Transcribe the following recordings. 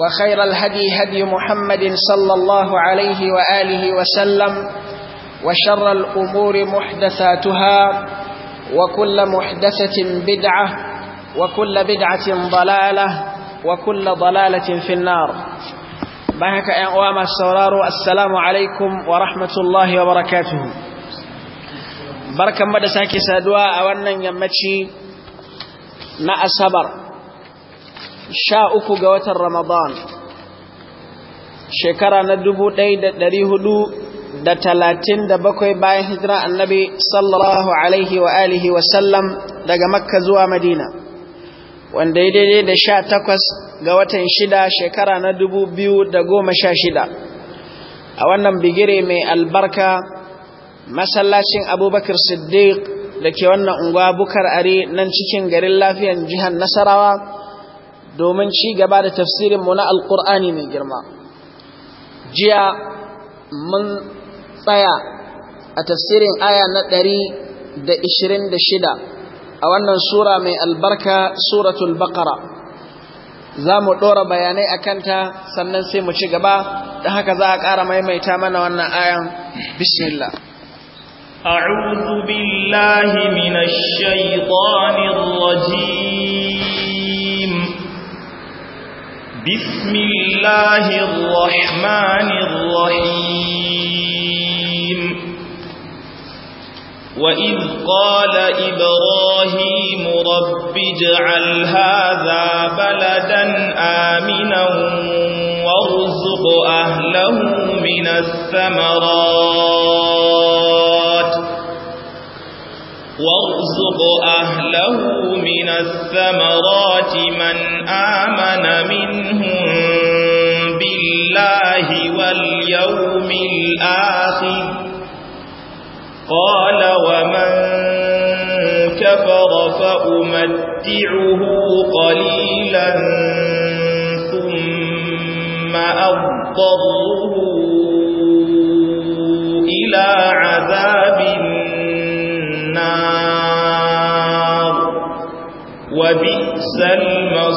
وخير الهدي هدي محمد صلى الله عليه وآله وسلم وشر الأمور محدثاتها وكل محدثة بدعة وكل بدعة ضلالة وكل ضلالة في النار بحك أعوام السورار السلام عليكم ورحمة الله وبركاته بركة مدساكي سادواء وانا يمتشي مع asabar sha uku ga watan Ramadan shekara na dubu ɗaya da ɗari hudu da talatin da bakwai bayan hijira annabi sallallahu alaihi wa alihi daga makka zuwa madina wanda ya daidai da sha takwas ga watan shida shekara na dubu biyu da goma sha shida a wannan bigire mai albarka masallacin abubakar siddiq da ke wannan unguwa bukar are nan cikin garin lafiyan jihar nasarawa domin ci gaba da tafsirin mu na alqur'ani mai girma jiya mun tsaya a tafsirin aya na 126 a wannan sura mai albarka suratul baqara za mu ɗora bayanai a kanta sannan sai mu ci gaba da haka za a ƙara maimaita mana wannan ayan bismillah أعوذ بالله من الشيطان الرجيم بسم الله الرحمن الرحيم وإذ قال إبراهيم رب اجعل هذا بلدا آمنا وارزق أهله من الثمرات وارزق أهله من الثمرات من آمن منهم بالله واليوم الآخر قال ومن كفر فأمتعه قليلا ثم أضطره إلى عذاب النار النار وبئس المصير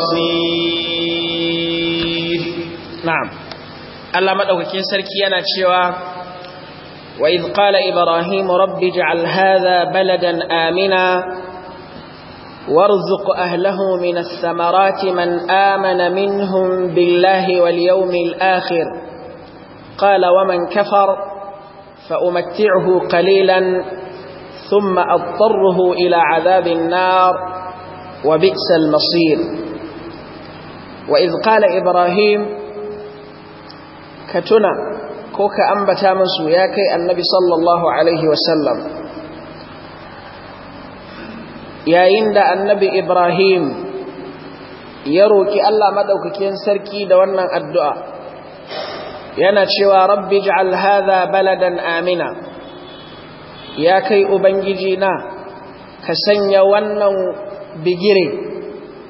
نعم الله كين سركي أنا تشيوا وإذ قال إبراهيم رب اجعل هذا بلدا آمنا وارزق أهله من الثمرات من آمن منهم بالله واليوم الآخر قال ومن كفر فأمتعه قليلا ثم أضطره إلى عذاب النار وبئس المصير وإذ قال إبراهيم كتنا كوك أنبتا من سوياكي النبي صلى الله عليه وسلم يا إند النبي إبراهيم يروكي ألا مدوك كين سركي دوانا الدعاء يا نتشوى رب اجعل هذا بلدا آمنا ya kai ubangiji na ka sanya wannan bigire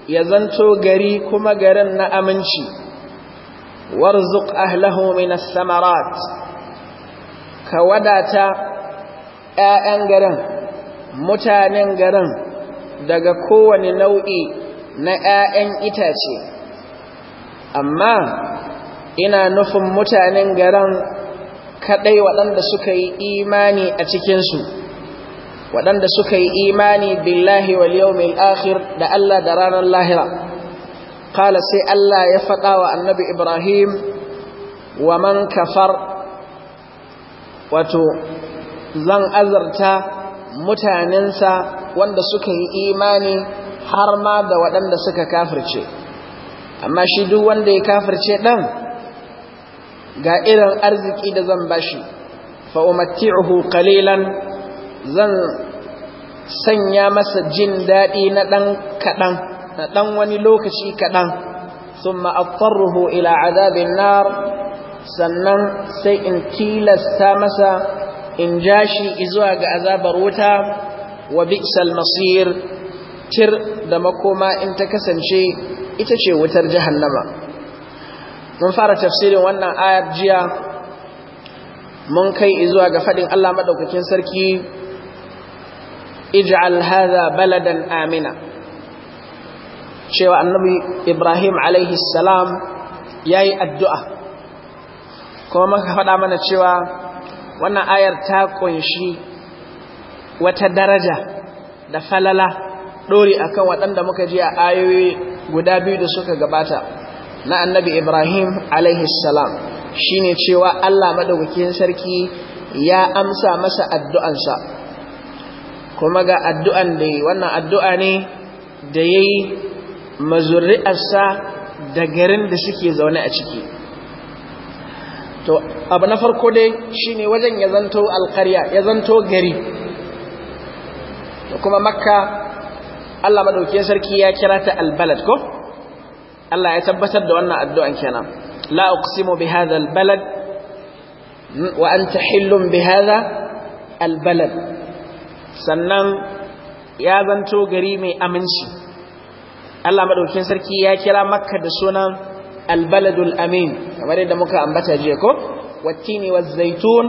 ya zanto gari kuma garin na aminci warzuk ahlahu as samarat ka wadata ƴaƴan garin mutanen garin daga kowane nau'i na ƴaƴan itace amma ina nufin mutanen garin kaɗai waɗanda suka yi imani a cikinsu waɗanda suka yi imani billahi wal yawmil akhir da Allah da ranar lahira Kala sai Allah ya faɗa wa annabi Ibrahim wa man kafar wato zan azarta mutanensa wanda suka yi imani har ma da waɗanda suka kafirce amma shi duk wanda ya kafirce ɗan ga irin arziki da zan bashi fa umatti'uhu qalilan zan sanya masa jin daɗi na ɗan kadan na ɗan wani lokaci kaɗan thumma aftarruhu ila azabin nar sannan sai in tilasta masa in jashi izuwa ga azabar wuta wa bi'sal masir tir da makoma in ta kasance ita ce wutar jahannama mun fara tafsirin wannan ayar jiya mun kai izuwa ga faɗin Allah maɗaukakin sarki ij'al hadha baladan amina cewa annabi Ibrahim alaihi salam yayi addu'a kuma muka faɗa mana cewa wannan ayar ta kunshi wata daraja da falala dori akan waɗanda muka ji a ayoyi guda biyu da suka gabata na annabi Ibrahim alaihi salam shine cewa Allah maɗaukakin sarki ya amsa masa addu'ansa kuma ga addu'an da wannan addu'a ne da ya yayi mazuri'arsa da garin da suke zaune a ciki to abu na farko dai shine wajen ya zanto alƙarya ya zanto gari kuma makka Allah maɗaukakin sarki ya kira ta albalad ko Allah ya tabbatar da wannan addu'an kenan la uqsimu bi hadha albalad hmm, wa anta hillum bi hadha albalad sannan ya zanto gari mai aminci Allah maɗaukin sarki ya kira Makka da sunan albaladul amin kamar yadda muka ambata jiya ko wattini zaitun,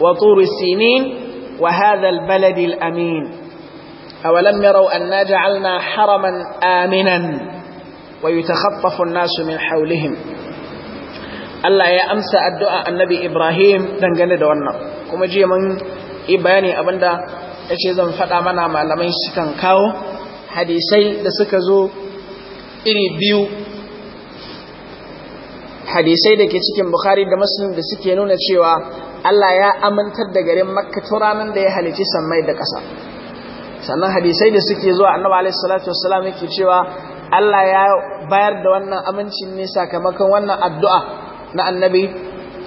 wa turi sinin wa hadha albalad alamin awalam yarau anna ja'alna haraman aminan wa nasu min hawlihim Allah ya amsa addu'a annabi Ibrahim dangane da wannan kuma jiya mun yi bayani abinda yace zan faɗa mana malamai sukan kawo hadisai da suka zo iri biyu hadisai da ke cikin Bukhari da Muslim da suke nuna cewa Allah ya amintar da garin Makka to ranar da ya halici sammai da kasa, sannan hadisai da suke zuwa Annabi alayhi salatu wassalam yake cewa Allah ya bayar da wannan amincin ne sakamakon wannan addu'a na annabi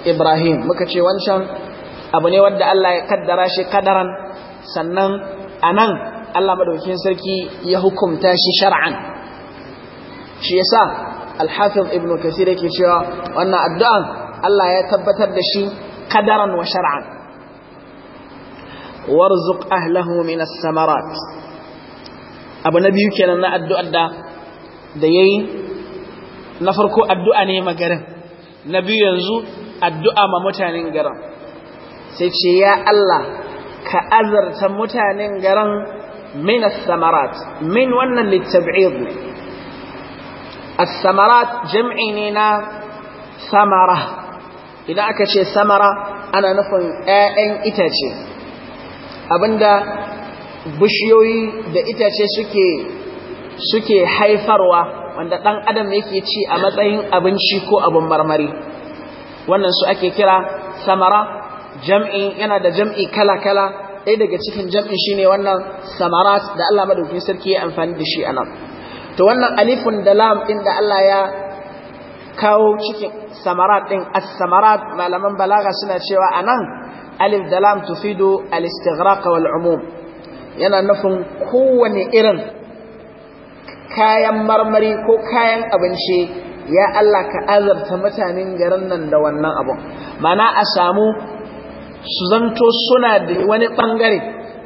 Ibrahim muka ce wancan abu ne wadda Allah ya kaddara shi kadaran sannan a nan Allah madaukakin sarki ya hukumta shi shar'an shi yasa al Ibnu ibn kathir yake cewa wannan addu'an Allah ya tabbatar da shi kadaran wa shar'an warzuq ahlahu min as-samarat abu na biyu kenan na addu'ar da da ya yi na farko addu'a ne ma garin, na biyu yanzu addu'a ma mutanen garin sai ce ya Allah ka azarta mutanen garin min samarat min wannan littab'id a samarat jam'i ne na samara idan aka ce samara ana nufin ‘ya'yan itace abinda bishiyoyi da itace suke suke haifarwa wanda ɗan adam yake ci a matsayin abinci ko abin marmari wannan su ake kira samara jam'i yana da jam'i kala-kala ɗaya daga cikin jam'in shi ne wannan samara da Allah madaukin sarki ya amfani da shi a nan to wannan alifun da lam ɗin da Allah ya kawo cikin samara ɗin a samara malaman balaga suna cewa a nan alif da lam tufido al-istighraq wal yana nufin kowane irin kayan marmari ko kayan abinci ya Allah ka azabta mutanen garin nan da wannan abun mana a samu su zanto suna da wani bangare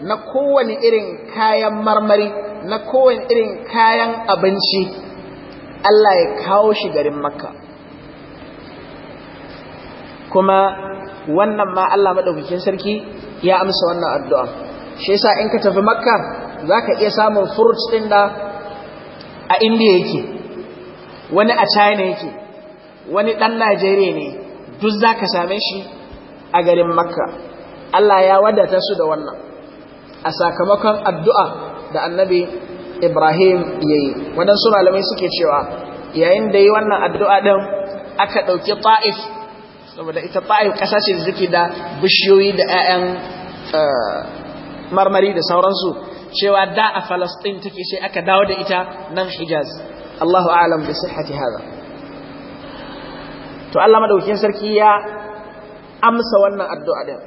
na kowane irin kayan marmari na kowane irin kayan abinci Allah ya kawo shi garin makka kuma wannan ma Allah maɗaukakin sarki ya amsa wannan addu'a shi yasa in ka tafi makka za ka iya samun furut ɗin da a indiya yake wani a china yake wani ɗan najeriya ne duk za ka same shi a garin makka allah ya wadata su da wannan a sakamakon addu'a da annabi ibrahim ya yi waɗansu malamai suke cewa yayin da yi wannan addu'a ɗin aka ɗauki ta'if saboda ita ta'if ƙasashen ziki da bishiyoyi da ‘ya'yan eh, marmari da sauransu cewa da a Falastin take sai aka dawo da ita nan Hijaz Allahu a'lam bi sihhati hadha to Allah madaukakin sarki ya amsa wannan addu'a din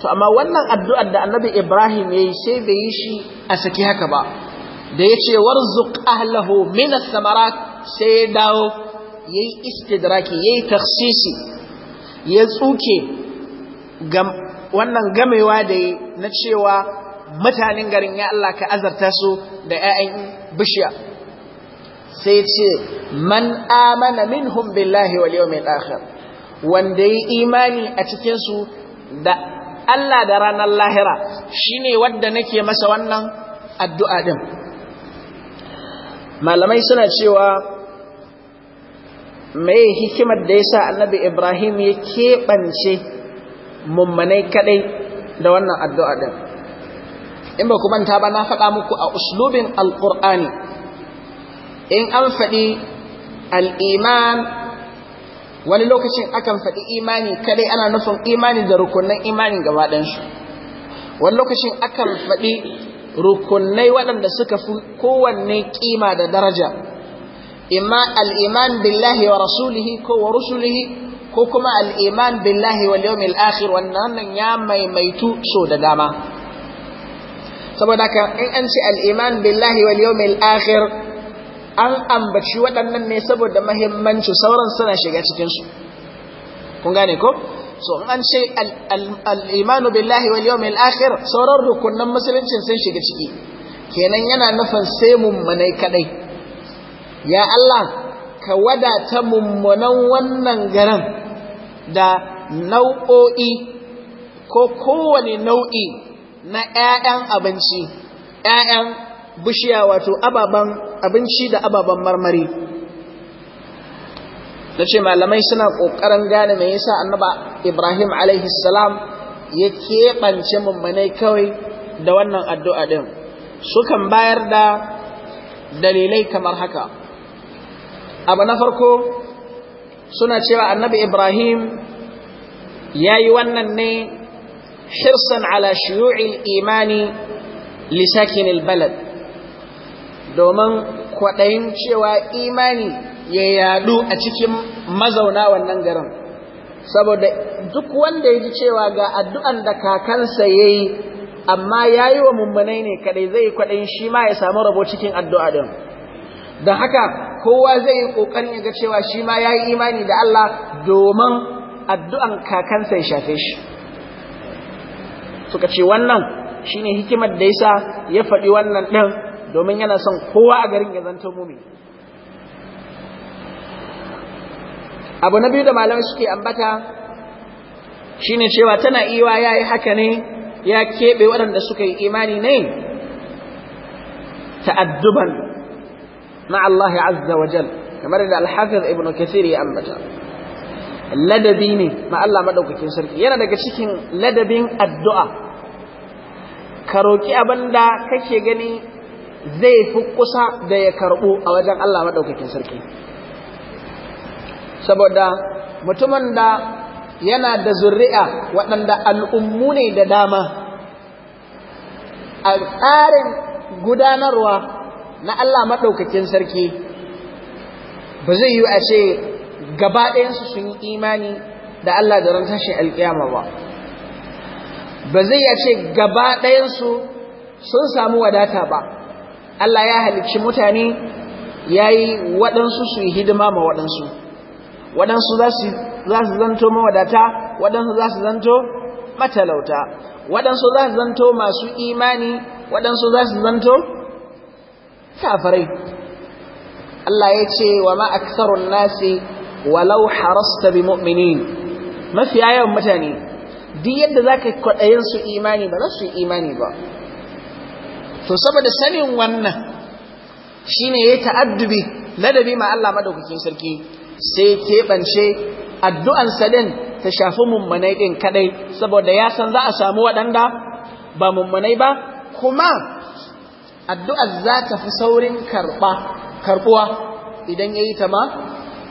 to amma wannan addu'a da Annabi Ibrahim yayi sai bai yi shi a saki haka ba da yace warzuq ahlahu min as-samarat sai dawo yayi istidraki yayi takhsisi ya tsuke wannan gamewa da na cewa mutanen garin ya Allah ka azarta su da ‘ya'yan bishiya sai ce man amana minhum billahi wal yawmil akhir wanda yi imani a cikin su da Allah da ranar lahira shine wanda nake masa wannan addu'a din malamai suna cewa mai hikimar da yasa annabi Ibrahim ya keɓance mummanai kadai da wannan addu'a din in ba ku manta ba na faɗa muku a uslubin alƙur'ani in an faɗi al'iman wani lokacin akan faɗi imani kadai ana nufin imani da rukunan imanin gabaɗansu wani lokacin akan faɗi rukunai waɗanda suka fi kowanne ƙima da daraja imma al'iman billahi wa rasulihi ko wa rusulihi ko kuma al'iman billahi wal yawmil akhir wannan ya maimaitu so da dama saboda ka in an ce al'iman billahi wal yawmil akhir an ambaci waɗannan ne saboda mahimmanci sauran suna shiga cikin kun gane ko so in an ce al'imanu billahi wal yawmil akhir sauran rukunan musuluncin sun shiga ciki kenan yana nufin sai mummunai kadai ya Allah ka wadata mummunan wannan garin da nau'o'i ko kowane nau'i na ‘ya'yan abinci, ‘ya'yan bishiya wato ababen abinci da ababen marmari. Da ce malamai suna ƙoƙarin gane mai yasa annaba Ibrahim salam ya keɓance mummanai kawai da wannan addu'a ɗin. Sukan bayar da dalilai kamar haka. Abu na farko suna cewa annabi Ibrahim ya yi wannan ne hirsan ala shuyu'il imani lisakin albalad domin kwaɗayin cewa imani ya yadu a cikin mazauna wannan garin saboda duk wanda ya ji cewa ga addu'an da kakansa ya yi amma ya yi wa mummunai ne kadai zai kwaɗayin shi ma ya samu rabo cikin addu'a ɗin don haka kowa zai yi ƙoƙarin ya ga cewa shi ma ya yi imani da Allah domin addu'an kakansa ya shafe shi suka ce wannan shine hikimar da yasa ya faɗi wannan ɗin domin yana son kowa a garin ya zanto mumi abu na biyu da malamai suke ambata shine cewa tana iwa ya yi haka ne ya keɓe waɗanda suka yi imani ne ta'adduban na Allah azza wa jal kamar da alhafiz ibn kathir ya ambata ladabi ne ma Allah madaukakin sarki yana daga cikin ladabin addu'a ka roƙi abin da kake gani zai fi kusa da ya karɓo a wajen Allah maɗaukakin sarki saboda mutumin da yana da zuri'a waɗanda al'ummu ne da dama a tsarin gudanarwa na Allah maɗaukakin sarki ba zai yi a ce gaba ɗayansu sun yi imani da Allah da ran tashi alƙiyama ba ba zai ya ce gaba ɗayansu sun samu wadata ba Allah ya halicci mutane ya yi waɗansu su yi hidima ma waɗansu waɗansu za su zanto mawadata waɗansu za su zanto matalauta waɗansu za su zanto masu imani waɗansu za su zanto kafirai Allah ya ce wa ma nasi walau harasta bi mu'minin mafiya yawan mutane duk yadda za ka kwaɗayin su imani ba za su yi imani ba to saboda sanin wannan shi ne ya ta'addubi ladabi ma Allah madaukakin sarki sai keɓance addu'an sadin ta shafi mummanai ɗin kaɗai saboda ya san za a samu waɗanda ba mummunai ba kuma addu'ar za ta fi saurin karɓa karɓuwa idan ya yi ta ma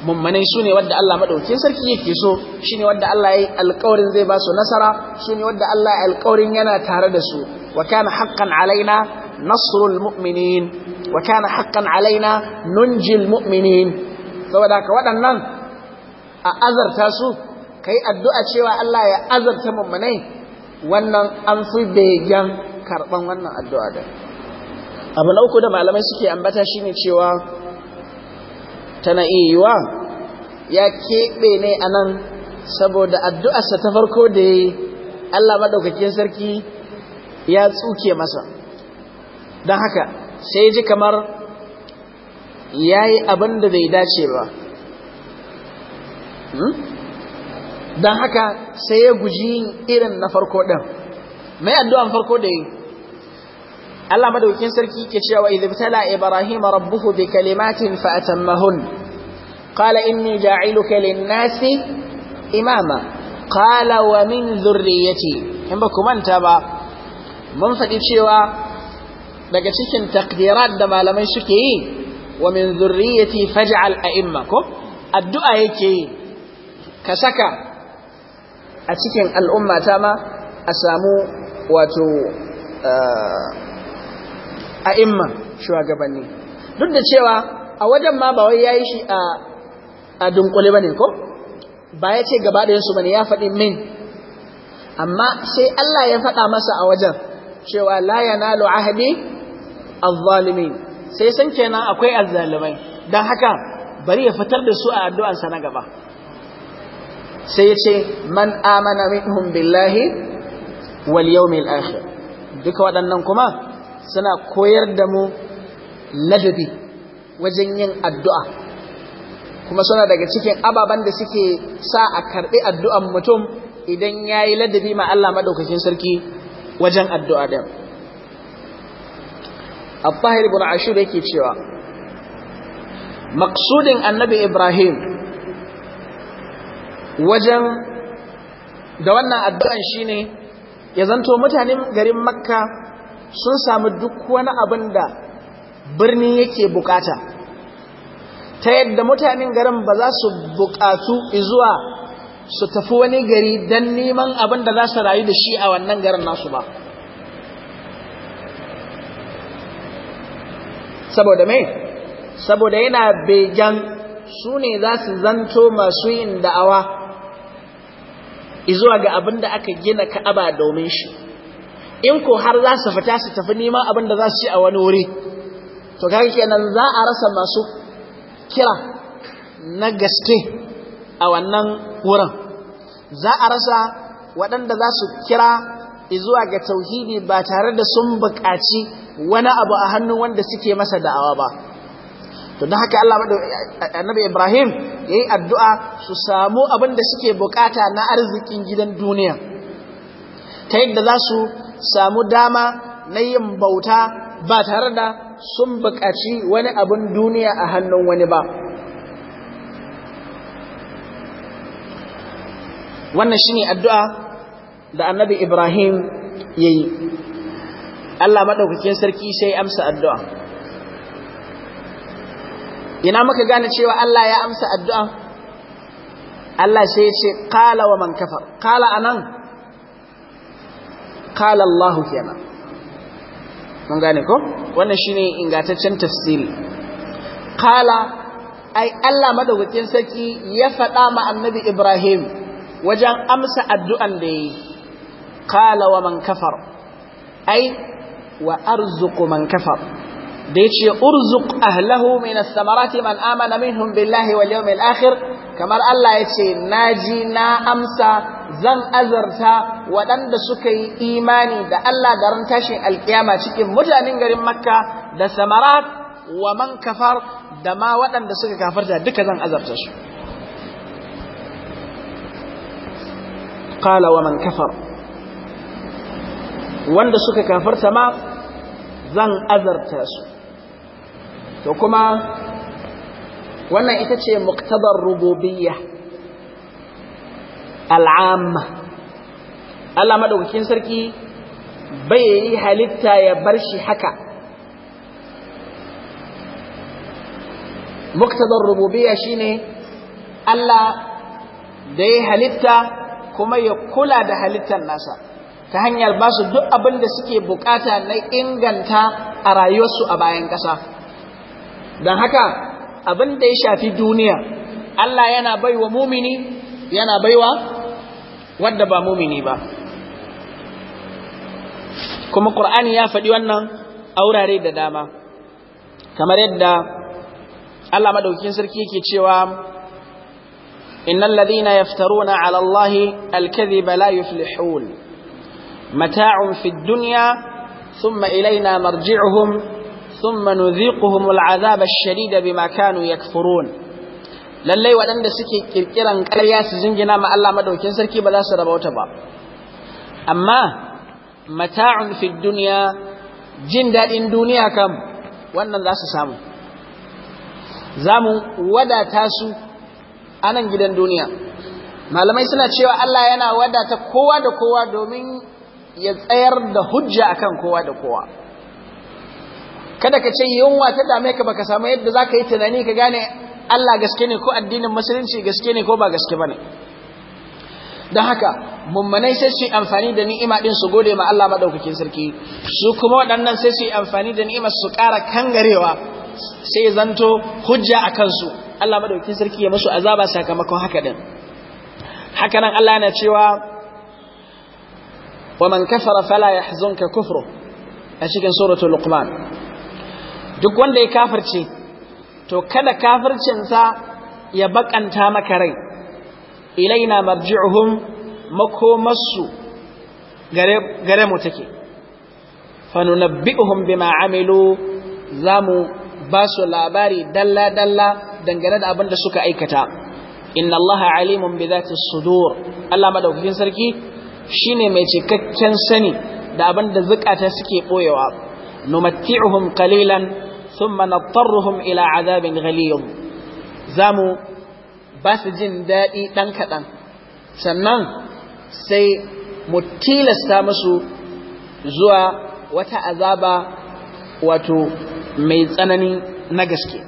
mummanai su ne wadda Allah maɗaukin sarki yake so shi ne wadda Allah ya yi alƙawarin zai ba su nasara su ne wadda Allah ya alƙawarin yana tare da su wa kana haqqan alaina nasrul mu'minin wa kana haqqan alaina nunjil mu'minin saboda ka waɗannan a azarta su kai addu'a cewa Allah ya azarta mummanai wannan an fi begen karɓan wannan addu'a da abu na uku da malamai suke ambata shine cewa tana iya yiwa ya keɓe ne a nan saboda addu'arsa ta farko da ya yi Allah maɗaukakin sarki ya tsuke masa don haka sai ji kamar ya yi abin da bai dace ba hmm? don haka sai ya guji irin na farko ɗin mai addu'an farko da ya yi Allah madaukin sarki ke cewa idh ibtala ibrahim rabbuhu bi kalimatin fa atammahun qala inni ja'iluka lin-nasi imama qala wa min dhurriyyati in ba manta ba mun faɗi cewa daga cikin takdirat da malamai suke yi wa min dhurriyyati faj'al a'imma ko addu'a yake yi ka saka a cikin al'ummata ma a samu wato eh, a imma shugabanni duk da cewa a wajen ma ba wai ya yi shi a dunkule ba ne ko ba ya ce gaba da yansu ba ne ya faɗi min amma sai Allah ya faɗa masa a wajen cewa la yanalu ahdi az-zalimin sai san kenan akwai az-zalimai dan haka bari ya fitar da su a addu'an sa na gaba sai ya ce man amana minhum billahi wal yawmil akhir duka waɗannan kuma suna koyar da mu ladabi wajen yin addu'a kuma suna daga cikin ababen da suke sa a karɓi addu'an mutum idan ya yi ladabi ma Allah maɗaukakin sarki wajen addu'a ɗin. Abubahir bin Ashur yake cewa, Maksudin annabi Ibrahim wajen da wannan addu'an shi ne, ya zanto mutanen garin Makka sun sami duk wani abin da birni yake bukata ta yadda mutanen garin ba za su bukatu izuwa su tafi wani gari don neman abin da za su rayu da shi a wannan garin nasu ba saboda mai saboda yana begen su ne za su zanto masu yin da'awa izuwa ga abin da aka gina ka'aba domin shi in ko har za su fita su tafi neman abin da za su ci a wani wuri to kaga kenan za a rasa masu kira na gaske a wannan wurin za a rasa waɗanda za su kira zuwa ga tauhidi ba tare da sun buƙaci wani abu a hannun wanda suke masa da'awa ba to don haka Allah annabi Ibrahim yayi addu'a su samu abin da suke bukata na arzikin gidan duniya ta yadda za su samu dama na yin bauta ba tare da sun buƙaci wani abin duniya a hannun wani ba wannan shi ne addu'a da annabi ibrahim ya yi allah maɗaukakin sarki sai amsa addu'a ina muka gane cewa allah ya amsa addu'a allah sai ya ce ƙala wa man kafa, ƙala a nan qala Allahu kenan mun gane ko wannan shine ingantaccen tafsiri qala ai Allah madaukakin saki ya faɗa ma annabi Ibrahim wajen amsa addu'an da yi qala wa man kafar ai wa arzuqu man kafar da yace urzuq ahlahu min as-samarati man amana minhum billahi wal yawmil akhir kamar Allah yace naji na amsa zan azarta waɗanda suka yi imani da Allah da ran tashin alkiyama cikin mutanen garin Makka da samarat wa man kafar da ma waɗanda suka kafarta duka zan azarta su qala wa man kafar wanda suka kafarta ma zan azarta su to kuma wannan ita ce muktabar rububiyya al'amma Allah madaukakin sarki bai yi halitta ya bar shi haka muktadar rububiyya shine Allah da ya halitta kuma ya kula da halittar nasa ta hanyar ba su duk abin da suke bukata na inganta a rayuwarsu a bayan ƙasa don haka abin da ya shafi duniya Allah yana bai wa mumini yana baiwa wadda ba mumini ba kuma ƙur'ani ya faɗi wannan aurare da dama kamar yadda Allah madaukakin sarki yake cewa innal ladhina yaftaruna ala allahi alkadhiba la yuflihun mata'un fid dunya ثم إلينا مرجعهم ثم نذيقهم العذاب الشديد makanu ya يكفرون lallai waɗanda suke kirkiran ƙarya su zingina ma Allah madaukin sarki ba za su wata ba amma mata'un fi dunya jin daɗin duniya kam wannan za su samu za mu wadata su a nan gidan duniya malamai suna cewa Allah yana wadata kowa da kowa domin ya tsayar da hujja akan kowa da kowa kada ka ce yunwa ta dame ka baka samu yadda za ka yi tunani ka gane Allah gaske ne ko addinin musulunci gaske ne ko ba gaske bane don haka mummanai sai su amfani da ni'ima din su gode ma Allah madaukakin sarki su kuma waɗannan sai su yi amfani da ni'imar su ƙara kangarewa sai zanto hujja a kansu Allah madaukakin sarki ya musu azaba sakamakon haka din haka nan Allah yana cewa wa man kafara fala yahzunka kufru a cikin suratul luqman duk wanda ya kafirce to kada kafircinsa ya bakanta maka rai ilaina marji'uhum makomarsu gare mu take fanunabbi'uhum bima amilu zamu ba su labari dalla dalla dangane da abin da suka aikata inna allaha alimun bi zati sudur Allah madaukakin sarki shine mai cikakken sani da abin da zukata suke boyewa numatti'uhum qalilan thumma nattarruhum ila azabin ghaliyum zamu ba su jin daɗi ɗan kaɗan sannan sai mu tilasta musu zuwa wata azaba wato mai tsanani na gaske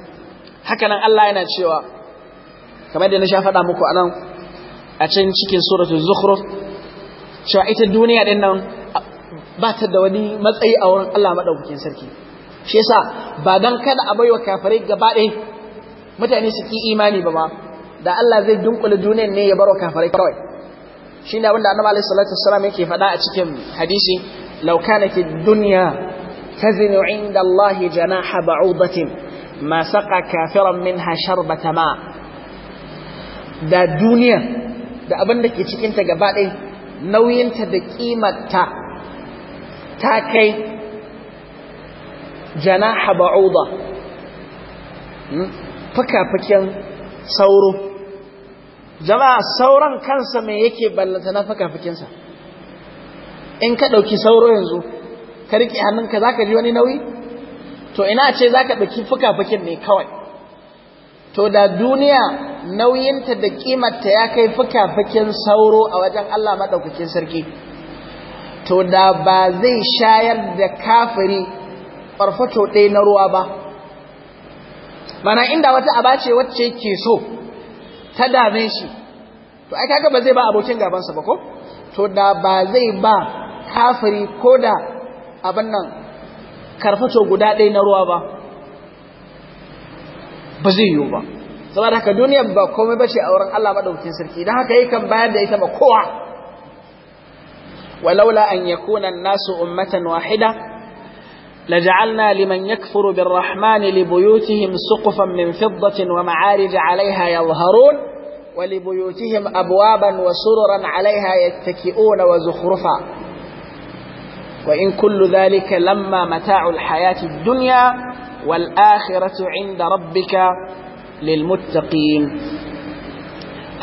hakanan Allah yana cewa kamar da na sha faɗa muku anan a can cikin suratul zukhruf cewa ita duniya ɗin nan ba ta da wani matsayi a wurin Allah maɗaukakin sarki shi yasa ba dan kada a baiwa kafirai gaba ɗaya mutane su ki imani ba ma da Allah zai dunkule duniyar ne ya wa kafirai kawai shi ne abinda annabi alaihi salatu wassalam yake faɗa a cikin hadisi law kana fi dunya tazinu inda Allah janaha ba'udatin ma saqa kafiran minha sharbata ma da duniya da abin da ke cikinta gaba ɗaya nauyinta da ƙimata ta kai Jana janaha ba'uda hmm? fakafaken sauro jama'a sauran kansa me yake ballanta na fakafakensa in ka ɗauki sauro yanzu ka riƙe hannun ka za ka ji wani nauyi to ina ce za ka ɗauki fakafaken ne kawai to da duniya nauyinta da ƙimarta ya kai fakafaken sauro a wajen Allah maɗaukakin sarki to da ba zai shayar da kafiri farfato ɗaya na ruwa ba mana inda wata aba ce wacce ke so ta dame shi to ai kaga ba zai ba abokin gabansa ba ko to da ba zai ba kafiri ko da abin nan karfato guda ɗaya na ruwa ba ba zai yiwu ba saboda haka duniya ba komai bace a wurin Allah madaukakin sarki dan haka yakan bayar da ita ba kowa walaula an yakuna an-nasu ummatan wahida لجعلنا لمن يكفر بالرحمن لبيوتهم سقفا من فضة ومعارج عليها يظهرون ولبيوتهم أبوابا وسررا عليها يتكئون وزخرفا وإن كل ذلك لما متاع الحياة الدنيا والآخرة عند ربك للمتقين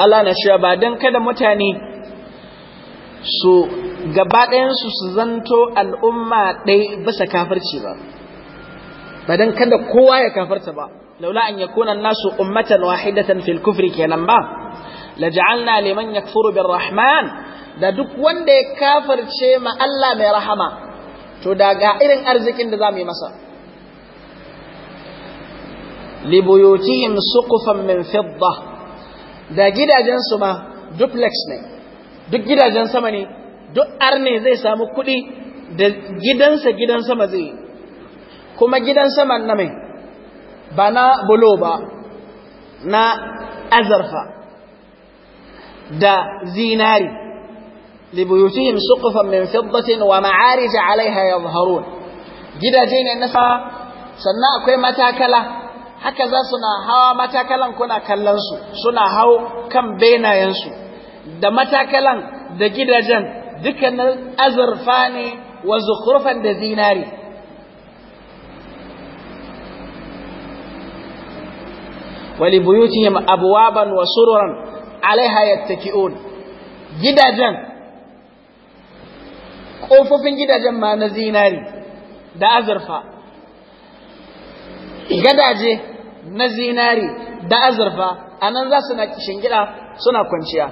ألا نشابا دنكد متاني سوء gaba ɗayansu su zanto al'umma ɗai bisa kafirci ba ba don kada kowa ya kafarta ba laula an yakuna nasu ummatan wahidatan fil kufri kenan ba la ja'alna liman furu, bin rahman da duk wanda ya kafarce ma Allah mai rahama to daga irin arzikin da za mu yi masa Libuyotihim buyutihim suqufan min fidda da gidajen su ma duplex ne duk gidajen sama ne duk arne zai samu kuɗi da gidansa gidan sama zai kuma gidan sama na mai ba na bulo ba na azarfa da zinari libuyutihim suqufan min fiddatin wa ma'arij 'alayha yadhharun gidaje ne na sannan akwai matakala haka za suna hawa matakalan kuna kallon su suna hau kan benayensu da matakalan da gidajen dukkanin azurfa ne wa zukurfan da zinari wali buyutihim abwaban wa sururan alaiha yattaki'un gidajen kofofin gidajen ma na zinari da azurfa gadaje na zinari da azurfa a nan za su na shingida suna kwanciya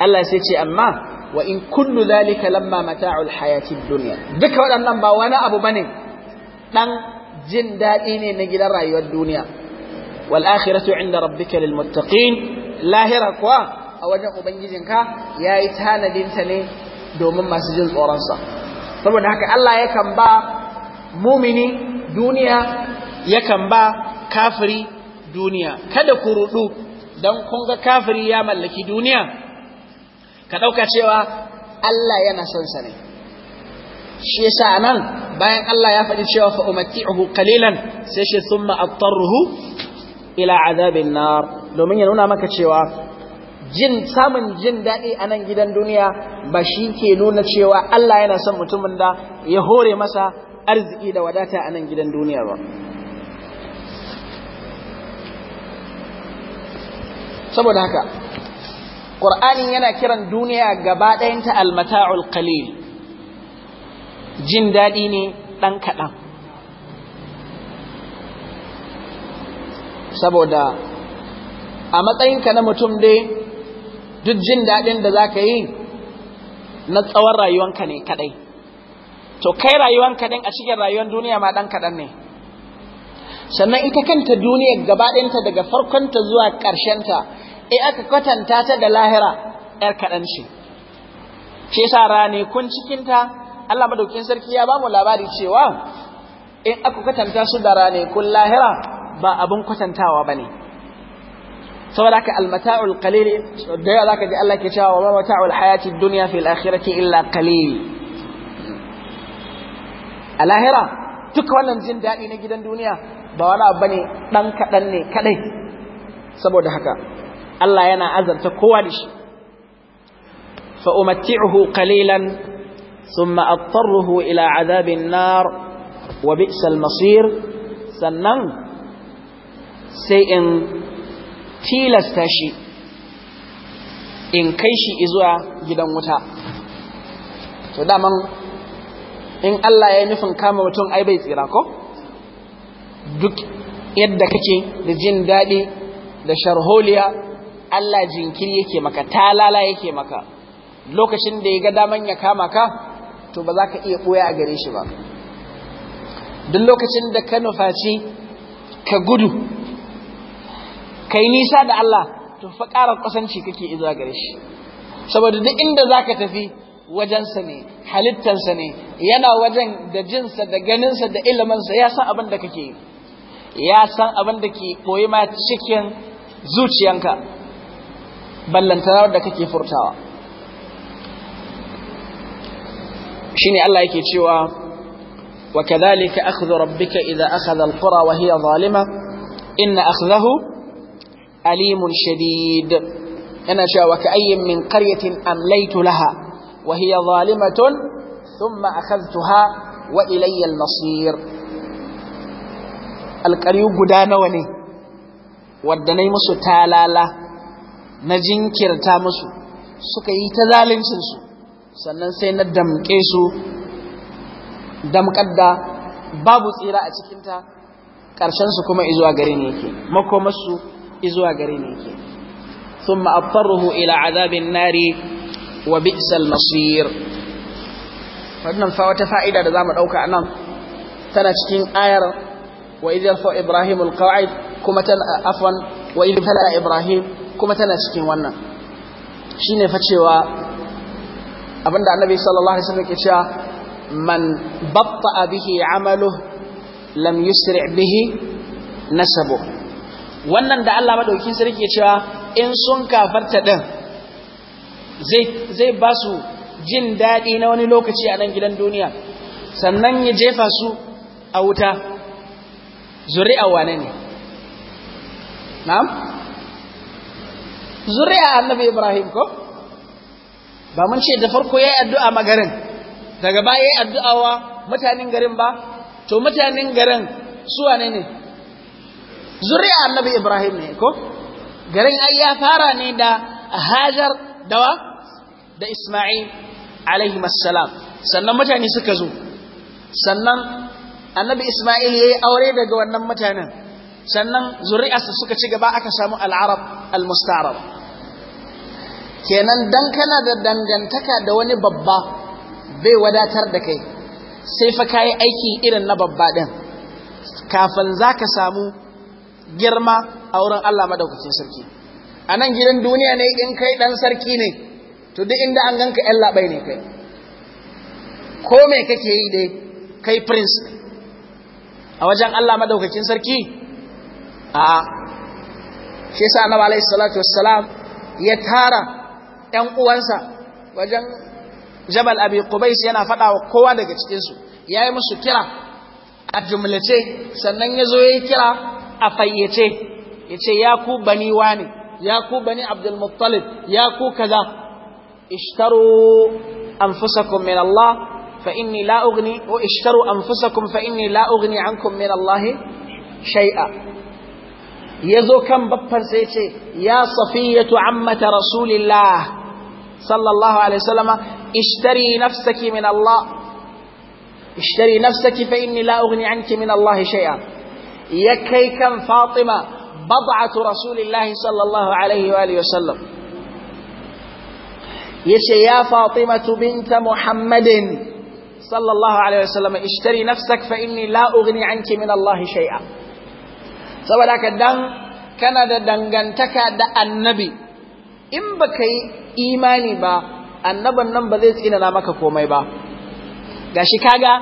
Allah sai ce amma wa in kullu zalika lamma mata'ul hayatid dunya duka waɗannan ba wani abu bane dan jin daɗi ne na gidan rayuwar duniya wal akhiratu inda rabbika lil muttaqin lahira kuwa a wajen ubangijinka yayi tanadin ta ne domin masu jin tsoron sa saboda haka Allah yakan ba mumini duniya yakan ba kafiri duniya kada ku rudu dan kun ga kafiri ya mallaki duniya ka ɗauka cewa Allah yana son sa ne shi yasa anan bayan Allah ya faɗi cewa fa umatti'uhu qalilan sai shi thumma ruhu. ila azabin nar domin ya nuna maka cewa jin samun jin daɗi anan gidan duniya ba shi ke nuna cewa Allah yana son mutumin da ya hore masa arziki da wadata a nan gidan duniya ba saboda haka Qur'ani yana kiran duniya gaba ɗayanta almata'ul qalil jin daɗi ne ɗan kaɗan saboda a matsayinka na mutum dai duk jin daɗin da za ka yi na tsawon rayuwanka ne kaɗai to kai rayuwanka ɗin a cikin rayuwar duniya ma ɗan kaɗan ne sannan ita kanta duniyar gaba ɗayanta daga farkonta zuwa ƙarshenta Eh, aka kwatanta ta da lahira ‘yar kaɗan ce, shi yasa cikin cikinta Allah madaukin sarki ya ba mu labari cewa in aka kwatanta su da kun lahira ba abin kwatantawa ba ne. Saboda ka almata'ul qalil da yawa zaka ji Allah ke cewa wa mata'ul hayati dunya fil akhirati illa qalil. A lahira wannan jin daɗi na gidan duniya ba wani abu bane dan kaɗan ne kaɗai. Saboda haka Allah yana azarta kowa da shi fa umatti'uhu qalilan thumma ila azabin nar wa bi'sal masir sannan sai in tilasta shi in kai shi izuwa gidan wuta to daman in Allah ya nufin kama mutum ai bai tsira ko duk yadda kake da jin daɗi da sharholiya Allah jinkiri yake maka talala yake maka lokacin da ya ga daman ya kama ka to ba za ka iya koya a gare shi ba duk lokacin da ka nufaci ka gudu ka yi nisa da Allah to fa ƙarar kusanci kake izuwa gare shi saboda duk inda za ka tafi wajensa ne halittansa ne yana wajen da jinsa da ganinsa da ilimansa ya san abin da kake yi ya san abin da ke koyi ma cikin zuciyanka ballantana wadda kake furtawa shine Allah yake cewa wa kadhalika akhdhu rabbika idha akhadha alqura wa hiya zalima inna akhdahu alimun shadid yana cewa wa ka'ayyin min qaryatin amlaytu laha wa hiya zalimatun thumma akhadhtuha wa ilayya al-masir alqaryu guda nawa ne wadda nayi musu talala na jinkirta musu suka yi ta zaluncinsu sannan sai na damƙe su damƙar da babu tsira a cikinta ƙarshensu kuma izuwa gare ne yake makomarsu izuwa gare ne yake sun ma'afaruhu ila azabin nari wa bi'sal masir wannan fa wata fa'ida da za mu ɗauka anan tana cikin ayar wa idh fa ibrahim alqa'id kuma tan afwan wa idh fa ibrahim kuma tana cikin wannan shi ne facewa abinda annabi sallallahu alaihi wasallam ke cewa man batta bihi amalu lam yusri bihi nasabu wannan da Allah madaukin sarki ke cewa in sun kafarta din zai zai ba su jin daɗi na wani lokaci a nan gidan duniya sannan ya jefa su a wuta zuri'a wane ne na'am zuriya annabi Ibrahim ko ba mun ce da farko yayi addu'a magarin daga baya yayi addu'a wa mutanen garin ba to mutanen garin su wane ne zuriya annabi Ibrahim ne ko garin ai ya fara ne da Hajar dawa da Isma'il alaihi assalam sannan mutane suka zo sannan annabi Isma'il yayi aure daga wannan mutanen sannan zuri'arsa suka ci gaba aka samu al'arab al-musta'rab kenan dan kana da dangantaka da wani babba bai wadatar da kai sai fa kayi aiki irin na babba din kafin za ka samu girma a wurin Allah madaukakin sarki a nan gidan duniya ne in kai dan sarki ne to duk inda an ganka yan labai ne kai ko me kake yi dai kai prince a wajen Allah madaukakin sarki a shi sa annabi alaihi salatu wassalam ya tara ‘yan uwansa wajen Jabal Abi Qubais yana faɗa wa kowa daga cikinsu, ya yi musu kira a jumlace, sannan ya zo ya yi kira a fayyace, ya ce, Ya ku bani wani, ya ku bani Abdulmuttalib, ya ku kaza, ishtaru anfusakum min Allah fa inni la ugni, ishtaru anfusakum fa inni la min Allah shai'a. يزو كم بطر سيتي يا صفية عمة رسول الله صلى الله عليه وسلم اشتري نفسك من الله اشتري نفسك فإني لا أغني عنك من الله شيئا يا كيكا فاطمة بضعة رسول الله صلى الله عليه وآله وسلم يشي يا فاطمة بنت محمد صلى الله عليه وسلم اشتري نفسك فإني لا أغني عنك من الله شيئا saboda haka dan kana da dangantaka da annabi in ka yi imani ba annaban nan ba zai tsinana maka komai ba gashi kaga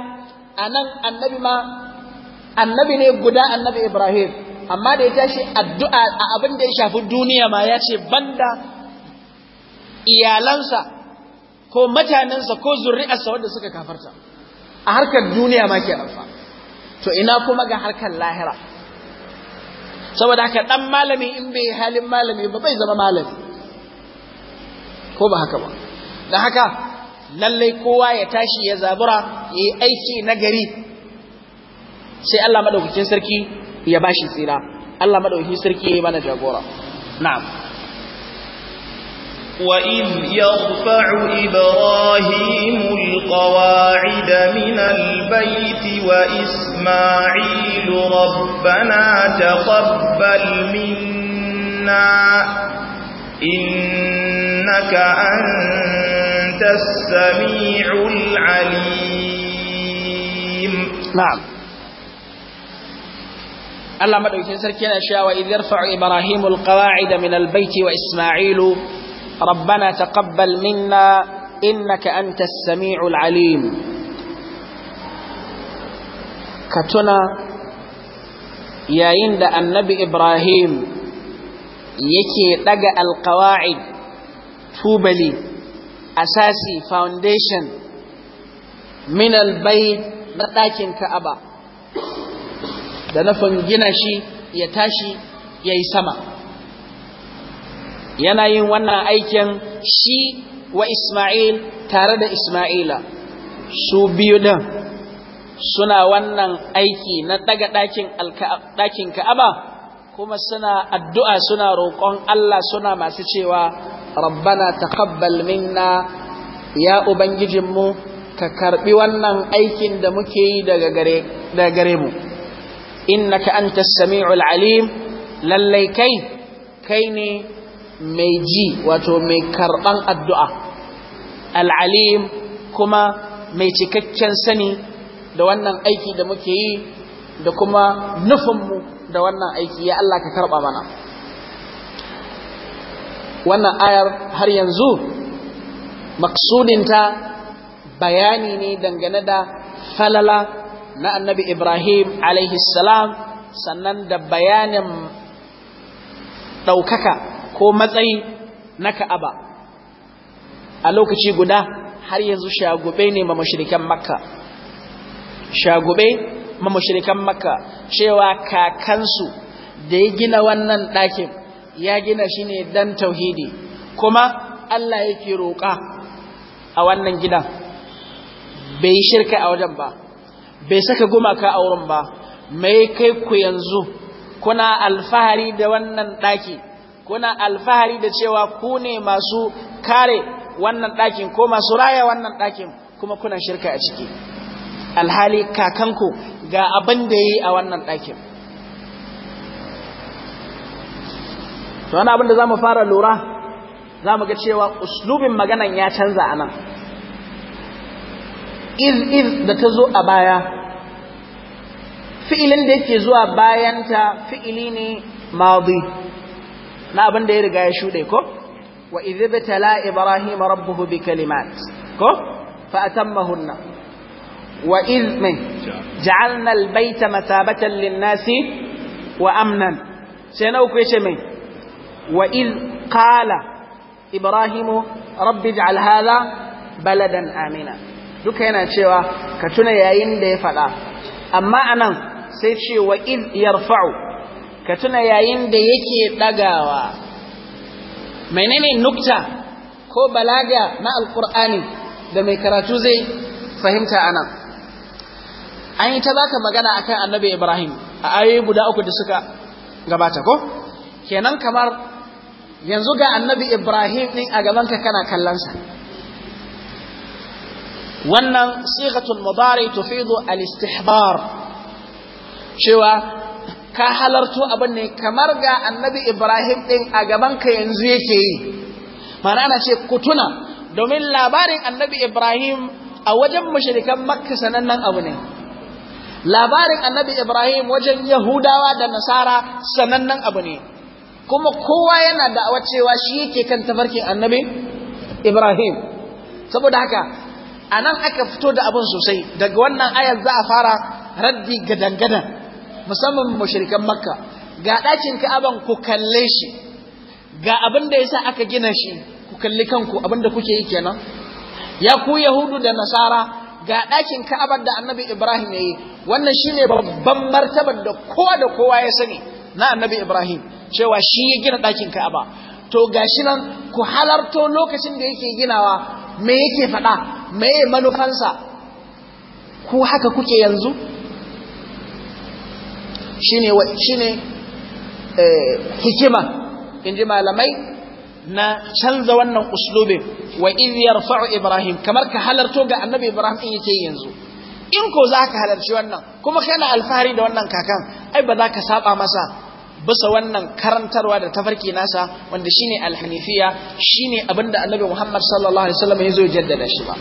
nan annabi ma annabi ne guda annabi Ibrahim amma da ya tashi addu'a a abin da ya shafi duniya ma ya ce banda iyalansa ko mutanensa ko zuri'arsa wanda suka kafarta a harkar duniya ma ke alfa to ina kuma ga harkar lahira saboda haka dan malami in bai halin malami ba bai zama malami ko ba haka ba da haka lallai kowa ya tashi ya zabura ya yi aiki na gari sai Allah madaukakin sarki ya bashi tsira Allah madaukakin sarki ya yi mana jagora na'am وَإِذْ يَرْفَعُ إِبْرَاهِيمُ الْقَوَاعِدَ مِنَ الْبَيْتِ وَإِسْمَاعِيلُ رَبَّنَا تَقَبَّلْ مِنَّا إِنَّكَ أَنْتَ السَّمِيعُ الْعَلِيمُ نعم الله مدعو تنسر كنا شاء وإذ يرفع إبراهيم القواعد من البيت وإسماعيل ربنا تقبل منا إنك أنت السميع العليم كتنا يا يند النبي إبراهيم يكي لقى القواعد توبلي أساسي فاونديشن من البيت لكن كأبا da nufin gina shi ya tashi ya yi sama yana yin wannan aikin shi wa Ismail tare da Ismaila su biyu din suna wannan aiki na daga ɗakin Ka'aba kuma suna addu'a suna roƙon Allah suna masu cewa rabbana taqabbal minna ya ubangijinmu ka karbi wannan aikin da muke yi daga gare daga gare mu innaka antas sami'ul alim lallai kai kai ne mai ji wato mai karɓan addu'a al'alim kuma mai cikakken sani da wannan aiki da muke yi da kuma nufinmu da wannan aiki ya Allah ka karɓa mana wannan ayar har yanzu maksudinta bayani ne dangane da falala na annabi ibrahim alaihissalam sannan da bayanin ɗaukaka ko matsayi na ka'aba a lokaci guda har yanzu shagube ne ma mashirikan makka shagube ma mashirikan makka cewa kakansu da ya gina wannan ɗakin ya gina shi ne don tauhidi kuma Allah ya yake roƙa a wannan gidan bai yi shirka a wajen ba bai saka gumaka a wurin ba mai kai ku yanzu kuna alfahari da wannan ɗakin? kuna alfahari da cewa ku ne masu kare wannan ɗakin ko masu raya wannan ɗakin kuma kuna shirka a ciki alhali kakanku ga abin da yi a wannan ɗakin to wani abin da za mu fara lura za mu ga cewa uslubin maganan ya canza a nan iz-iz da ta zo a baya fi'ilin da yake zuwa bayanta fi'ili ne madi na abin da ya riga ya shuɗe ko wa Tala ibrahim rabbuhu bi kalimat ko fa atammahunna wa idh ja'alna al mathabatan lin wa amnan sai na uku yace mai wa idh qala ibrahim rabbi ij'al hadha baladan amina duka yana cewa ka tuna yayin da ya faɗa amma anan sai ce wa idh yarfa'u ka tuna yayin da yake ɗagawa menene nukta ko balaga na alƙur'ani da mai karatu zai fahimta a nan an yi ta za ka magana a kan annabi ibrahim a ayoyi guda uku da suka gabata ko kenan kamar yanzu ga annabi ibrahim ɗin a gabanka kana kallonsa wannan sigatul mubari tufidu al cewa ka halarto abin ne kamar ga annabi Ibrahim ɗin a gabanka yanzu yake yi. Mana na ce kutuna domin labarin annabi Ibrahim a wajen mashirikan makka sanannen abu ne. Labarin annabi Ibrahim wajen Yahudawa da Nasara sanannen abu ne. Kuma kowa yana da'awar cewa shi yake kan tafarkin annabi Ibrahim. Saboda haka, a nan aka fito da abin sosai, daga wannan ayar za a fara raddi gadan-gadan. musamman mushrikan makka ga ɗakin ka'aban ku kalle shi ga abin da yasa aka gina shi ku kalli kanku abin da kuke yi kenan ya ku yahudu da nasara ga ɗakin ka'abar da annabi ibrahim ya yi wannan shine babban martabar da kowa da kowa ya sani na annabi ibrahim cewa shi ya gina ɗakin ka'aba to gashi nan ku halarto lokacin da yake ginawa me yake faɗa me manufansa ku haka kuke yanzu shine shine eh, hikima inji malamai na canza wannan uslubin wa idh yarfa'u ibrahim kamar ka halarto ga annabi ibrahim in yake yanzu in ko za ka halarci wannan kuma kana alfahari da wannan kakan ai ba za ka saba masa bisa wannan karantarwa da tafarki nasa wanda shine alhanifiya shine abinda annabi muhammad sallallahu alaihi wasallam ya jaddada shi ba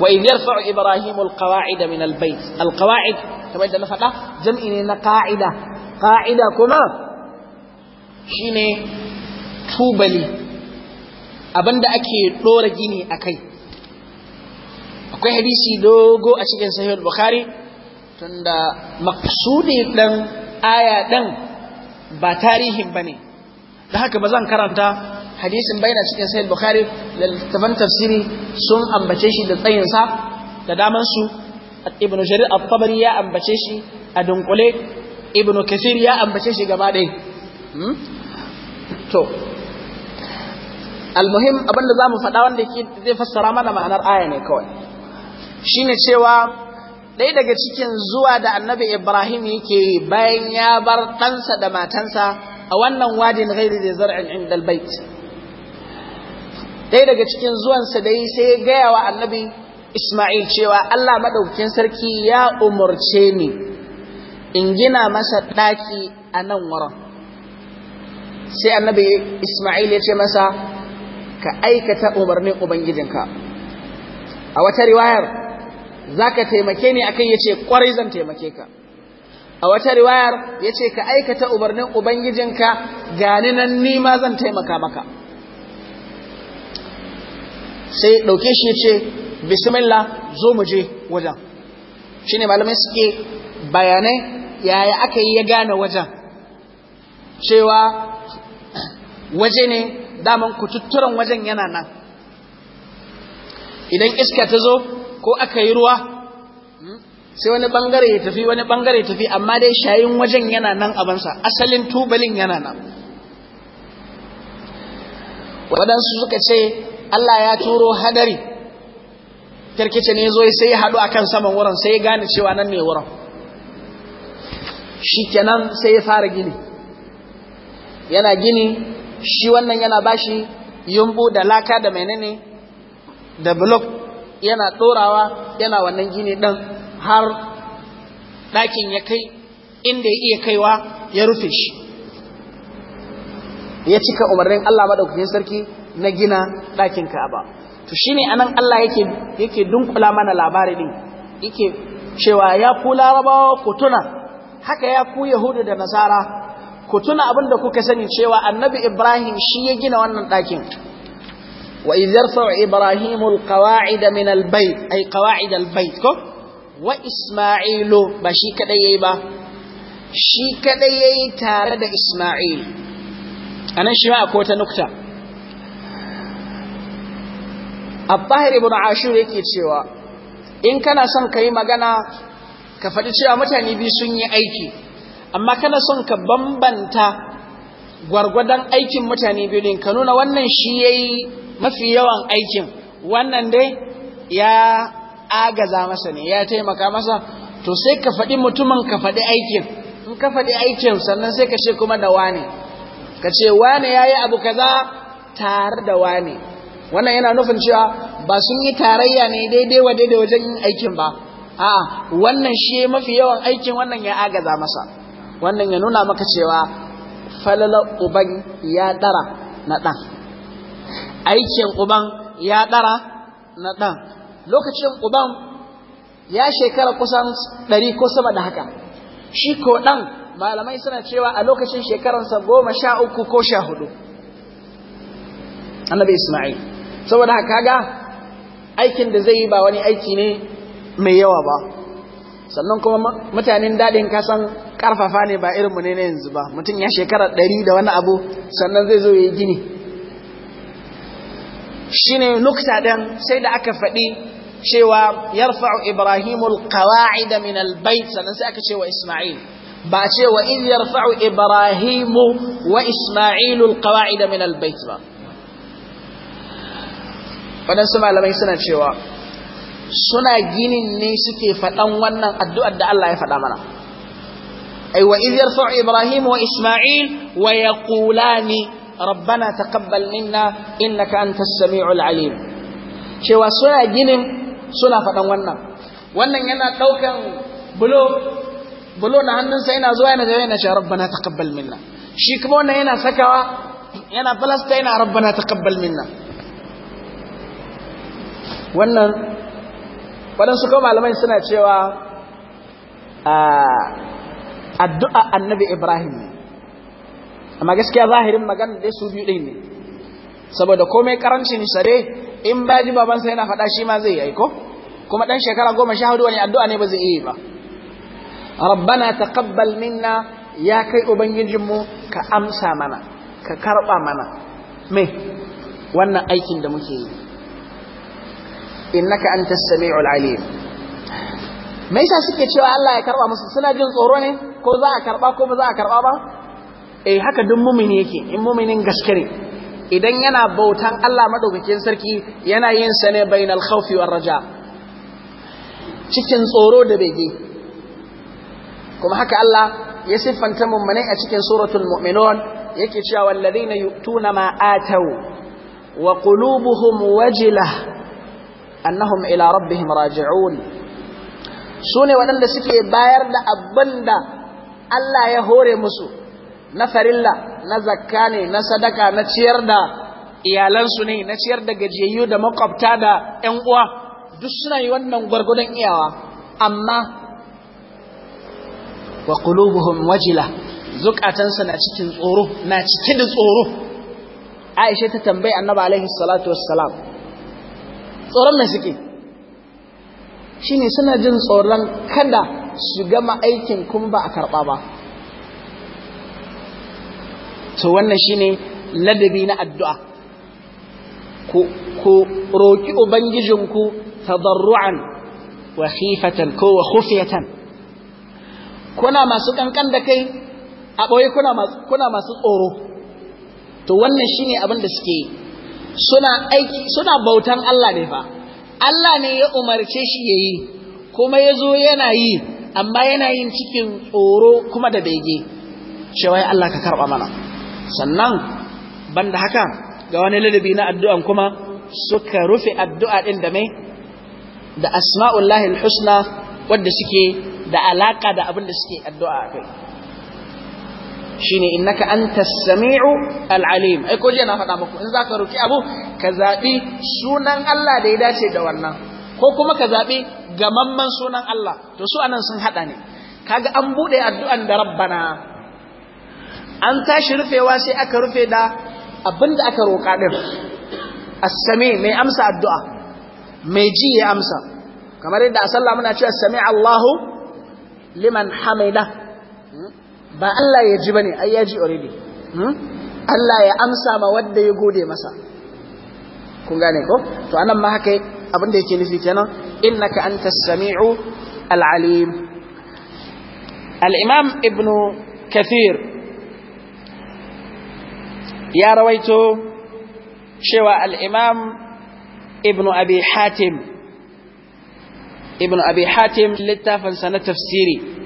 wa idh yarfa'u ibrahimu alqawa'ida min albayt alqawa'id kamar da na faɗa jam'i ne na qa'ida qa'ida kuma shine tubali abinda ake ɗora gini a kai. akwai hadisi dogo a cikin sahih al-bukhari tunda maqsudi dan aya dan ba tarihin bane da haka ba zan karanta hadisin bai na cikin sahih bukhari da littafan tafsiri sun ambace shi da tsayinsa da damansu ibn jarir at-tabari ya ambace shi a dunkule ibn kathir ya ambace shi gaba ɗaya hmm? to muhim abin da mu faɗa wanda zai fassara mana ma'anar aya ne kawai Shi ne cewa ɗaya daga cikin zuwa da annabi Ibrahim yake bayan ya bar ɗansa da matansa a wannan wadin ghairi da zar'in inda albayt ɗaya daga cikin zuwansa da yi sai ya gaya wa annabi Ismail cewa Allah maɗaukin sarki ya umarce ni in gina masa ɗaki a nan wurin. Sai annabi Ismail ya ce masa, ka aikata umarnin Ubangijinka. A wata riwayar, za ka taimake ni akan ya ce, ƙwarai zan taimake ka. A wata riwayar, ya ce, ka aikata umarnin Ubangijinka, gani nan nima zan taimaka maka. sai ɗauke shi ce bismillah zo mu je wajen shi ne malamai suke bayanai yaya aka yi ya gane wajen cewa waje ne daman kututturan wajen yana nan idan iska ta zo ko aka yi ruwa hmm, sai wani bangare ya tafi wani bangare ya tafi amma dai shayin wajen yana nan a abansa asalin tubalin yana nan waɗansu suka ce Allah ya turo hadari kirkice ne zo sai ya haɗu akan saman wurin sai ya gane cewa nan ne wurin shikenan sai ya fara gini yana gini shi wannan yana bashi yumbu da laka da menene da block yana ɗorawa yana wannan gini ɗan har ɗakin ya kai inda ya iya kaiwa ya rufe shi ya cika umarnin Allah madaukakin sarki na gina ɗakin Ka'aba to shine anan Allah yake dunkula mana labari din yake cewa ya ku larabawa ku haka ya ku yahudu da nasara ku tuna abin kuka sani cewa annabi Ibrahim shi ya gina wannan ɗakin wa idh yarfa'u ibrahimu alqawa'ida min albayt ay qawa'id albayt ko wa isma'ilu ba shi kadai yayi ba shi kadai yayi tare da isma'il anan shi ma akwai ta nukta Abahir ibn Ashur yake cewa in kana son ka yi magana ka faɗi cewa mutane biyu sun yi aiki amma kana son ka bambanta gwargwadon aikin mutane biyu din ka nuna wannan shi yayi mafi yawan aikin wannan dai ya agaza masa ne ya taimaka masa to sai ka faɗi mutumin ka faɗi aikin in ka faɗi aikin sannan sai ka ce kuma da wane ka ce wane yayi abu kaza tare da wane wannan yana nufin cewa ba sun yi tarayya ne daidai wa daidai wajen yin aikin ba a wannan shi mafi yawan aikin wannan ya agaza masa wannan ya nuna maka cewa falala uban ya dara na ɗan aikin uban ya dara na ɗan lokacin uban ya shekara kusan ɗari ko sama da haka shi ko ɗan malamai suna cewa a lokacin shekaransa goma sha uku ko sha hudu annabi isma'il saboda haka kaga aikin da zai yi ba wani aiki ne mai yawa ba sannan kuma mutanen daɗin kasan karfafa ne ba irin mu ne na yanzu ba mutum ya shekara ɗari da wani abu sannan zai zo ya yi gini shine nukta ɗin sai da aka faɗi cewa yarfa'u ibrahimu da min albayt sannan sai aka cewa wa isma'il ba ce in id yarfa'u ibrahimu wa isma'ilu da min albayt ba waɗansu malamai suna cewa suna ginin ne suke faɗan wannan addu'ar da Allah ya faɗa mana ai wa iz yarfa'u ibrahim wa isma'il wa yaqulani rabbana taqabbal minna innaka antas samiul alim cewa suna ginin suna faɗan wannan wannan yana ɗaukan bulo bulo na hannunsa yana zuwa yana yana ce rabbana taqabbal minna shi kuma wannan yana sakawa yana falasta yana rabbana taqabbal minna wannan waɗansu kuma malamai suna cewa addu'a annabi ibrahim amma gaskiya zahirin magana dai su biyu ɗin ne saboda komai karancin sare in ba ji babansa yana faɗa shi ma zai yi ko kuma ɗan shekara goma sha hudu wani addu'a ne ba zai yi ba rabbana taqabbal minna ya kai ubangijinmu ka amsa mana ka karɓa mana me wannan aikin da muke yi innaka antas sami'ul alim me yasa suke cewa Allah ya karba musu suna jin tsoro ne ko za a karba ko ba za a karba ba eh haka duk mumini yake in muminin gaske ne idan yana bautan Allah madaukakin sarki yana yin sa ne bainal khawfi war raja cikin tsoro da bege kuma haka Allah ya siffanta mummune a cikin suratul mu'minun yake cewa wallazina yu'tuna ma atau wa qulubuhum wajilah annahum ila rabbihim raji'un sune ne waɗanda suke bayar da abinda Allah ya hore musu na farilla na zakka ne na sadaka na ciyar da iyalansu ne na ciyar da gajiyayyu da makwabta da ‘yan uwa duk suna yi wannan gwargwadon iyawa amma wa qulubuhum wajila zukatansu na cikin tsoro na cike da tsoro Aisha ta tambayi Annabi alaihi salatu wassalam tsoron mai suke shi ne suna jin tsoron kada su gama aikin kuma ba a karɓa ba to wannan shi ne ladabi na addu'a ku roƙi ubangijinku tadarru'an wa khifatan ko wa khufiyatan kuna masu kankan da kai a ɓoye kuna masu tsoro to wannan shi ne abin da suke yi suna aiki suna bautan Allah ne fa Allah ne ya umarce shi yayi kuma yazo yana yi amma yana yin cikin tsoro kuma da bege cewa ya Allah ka karɓa mana sannan banda haka ga wani ladabi na addu'an kuma suka rufe addu'a ɗin da mai da asma'ullahi husna wadda suke da alaƙa da abin da suke addu'a kai shine innaka antas sami'u al-alim ai ko je na faɗa muku in zaka roki abu ka zabi sunan Allah da ya dace da wannan ko kuma ka zabi gamamman sunan Allah to su anan sun hada ne kaga an bude addu'an da rabbana an tashi rufewa sai aka rufe da abinda aka roka din as-sami mai amsa addu'a mai ji ya amsa kamar yadda a sallah muna cewa sami Allahu liman hamida ba Allah ya ji bane ai ya ji already hmm? Allah ya amsa ma wanda ya gode masa kun gane ko to anan ma haka abinda yake nufi kenan innaka antas sami'u al alim al imam ibn kathir ya rawaito cewa al imam ibn abi hatim ibn abi hatim littafin sa na tafsiri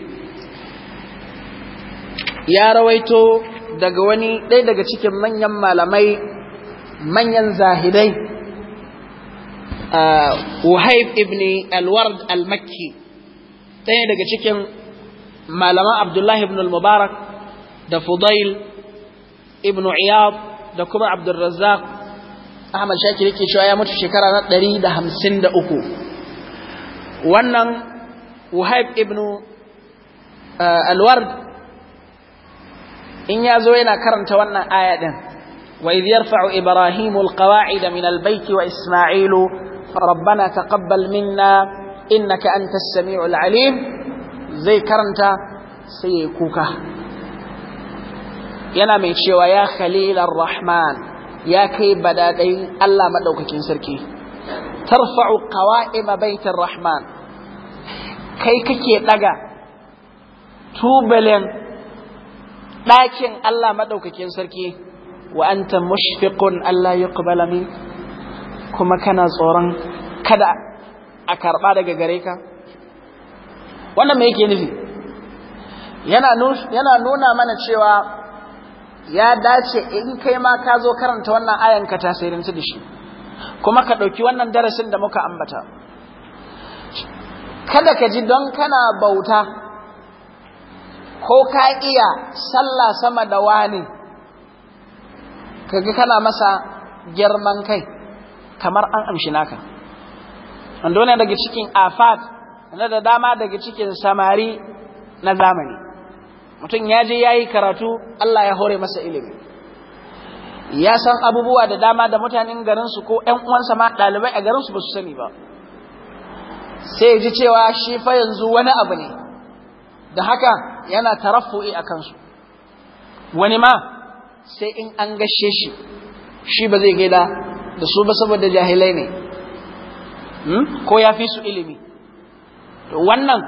ya rawaito daga wani ɗaya daga cikin manyan malamai manyan zahidai Wuhaib ibn Alward al-Makki ɗaya daga cikin malaman Abdullahi ibn al-Mubarak da Fudail ibn Iyad da kuma Abdulrazzaq Ahmad Shakir yake cewa ya mutu shekara na 153 wannan Wuhaib ibn Alward in ya zo yana karanta wannan aya ɗin wa idh yarfa'u ibrahimu alqawa'ida min albayti wa isma'ilu rabbana taqabbal minna innaka antas sami'ul alim zai karanta sai ya kuka yana mai cewa ya khalilar rahman ya kai badadai Allah madaukakin sarki tarfa'u qawa'ima baitir rahman kai kake daga tubalen ɗakin Allah maɗaukakin sarki wa anta mushfiqun Allah ya kubala min kuma kana tsoron kada a karɓa daga gare ka wannan me yake nufi yana nuna mana cewa ya dace in kai ma ka zo karanta wannan ayan ka tasirinsu da shi kuma ka ɗauki wannan darasin da muka ambata kada ka ji don kana bauta ko ka iya sallah sama da wani kaga kana masa girman kai kamar an amshi naka wanda wani daga cikin afat na da dama daga cikin samari na zamani mutum ya je ya yi karatu Allah ya hore masa ilimi ya san abubuwa da dama da mutanen garinsu ko ‘yan uwansa ma ɗalibai a garinsu ba su sani ba sai ji cewa shi fa yanzu wani abu ne da haka yana taraffu'i a kansu wani ma sai in an gashe shi shi ba zai gaida da su ba saboda jahilai ne hmm? ko ya fi su ilimi wannan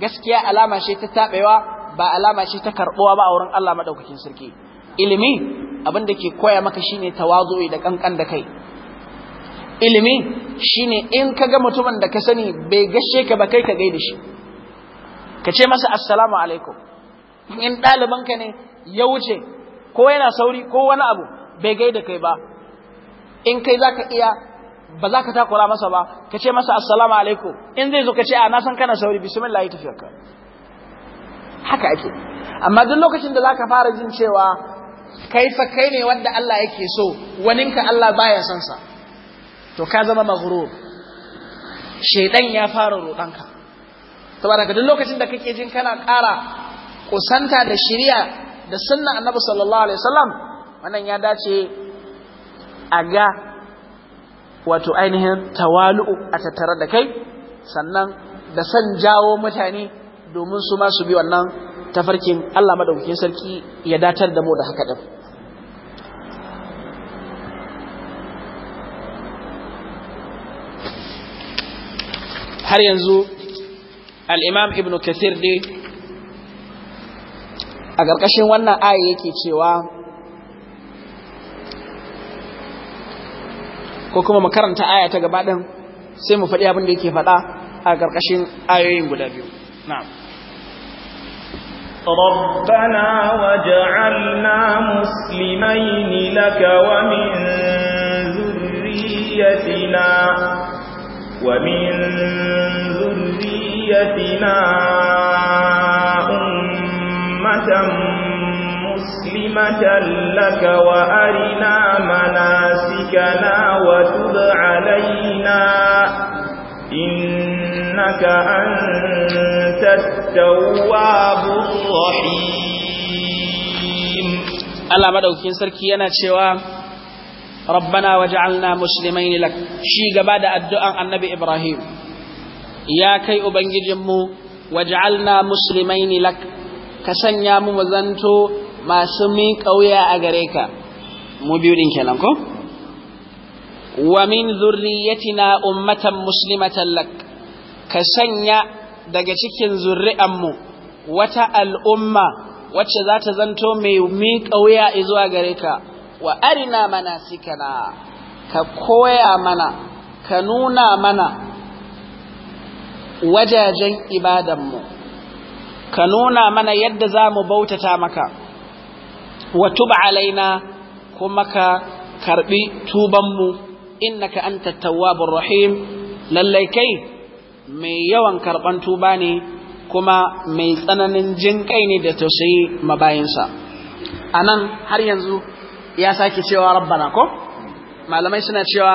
gaskiya alama ce ta taɓewa ba alama ce ta karɓuwa ba a wurin Allah maɗaukakin sarki ilimi abin da ke koya maka shi ne tawazu'i da kankan da kai ilimi shi ne in ka ga mutumin da ka sani bai gashe ka ba kai ka gaida shi ka ce masa assalamu alaikum in ɗalibanka ne ya wuce ko yana sauri ko wani abu bai gai da kai ba in kai za ka iya ba za ka takura masa ba ka ce masa assalamu alaikum in zai zo ka ce a na san kana sauri bismillah ya tafi ka haka ake amma duk lokacin da za ka fara jin cewa kai fa kai ne wanda Allah yake so waninka Allah baya son sa to ka zama maghrur shaidan ya fara ka. saboda duk lokacin da kake jin kana ƙara kusanta da shari'a da sunna annabi sallallahu alaihi wasallam wannan ya dace a ga wato ainihin tawalu'u a tattare da kai sannan da san jawo mutane domin su ma su bi wannan tafarkin Allah madaukakin sarki ya datar da mu da haka din har yanzu al'imam ibn kasir dai a ƙarƙashin wannan aya yake cewa ko kuma makaranta aya ta gabaɗin sai mu faɗi abin da yake faɗa a ƙarƙashin ayoyin guda biyu na'am ربنا وجعلنا مسلمين لك ومن ذريتنا ومن ذريتنا أمة مسلمة لك وأرنا مناسكنا وتب علينا إنك أنت التواب الرحيم Allah madaukakin sarki yana cewa ربنا وجعلنا مسلمين لك شي غبا دا addu'an annabi ibrahim ya kai ubangijinmu وجعلنا مسلمين lak ka sanya mu mazanto masu mi kauya a gare ka mu biyu din kenan ko wa min zurriyyatina ummatan ka sanya daga cikin zurri'anmu wata al'umma wacce za ta zanto mai mi kauya zuwa gare ka wa arina manasikana ka koya mana ka nuna mana wajajen ibadanmu ka nuna mana yadda za mu bautata maka wa tub alaina kuma ka karbi tubanmu innaka anta tawwabur rahim lallai kai mai yawan karban tuba ne kuma mai tsananin jin kai ne da tausayi mabayinsa anan har yanzu ya sake cewa rabbana ko malamai suna cewa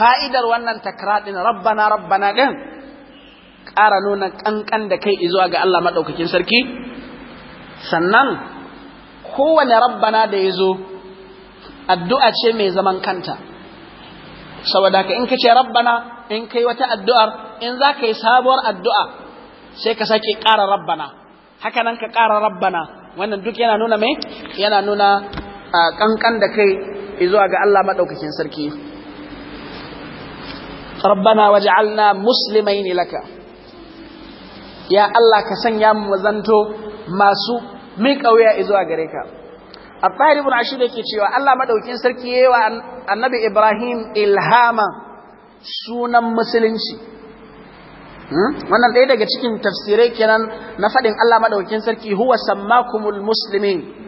fa'idar wannan takradin rabbana rabbana din ƙara nuna ƙanƙan da kai izuwa ga Allah maɗaukakin sarki sannan kowane rabbana da ya zo addu'a ce mai zaman kanta saboda ka in ka ce rabbana in kai wata addu'ar in za ka yi sabuwar addu'a sai ka sake ƙara rabbana haka nan ka ƙara rabbana wannan duk yana nuna mai yana nuna A kankan da kai zuwa ga Allah madaukakin sarki rabbana waj'alna muslimaini laka ya Allah ka sanya mu zanto masu miƙa wuya zuwa gare ka Abdullahi ibn da yake cewa Allah madaukakin sarki yayi wa Annabi Ibrahim ilhama sunan musulunci hmm? wannan ɗaya daga cikin tafsirai kenan na faɗin Allah maɗaukin sarki huwa sammakumul muslimin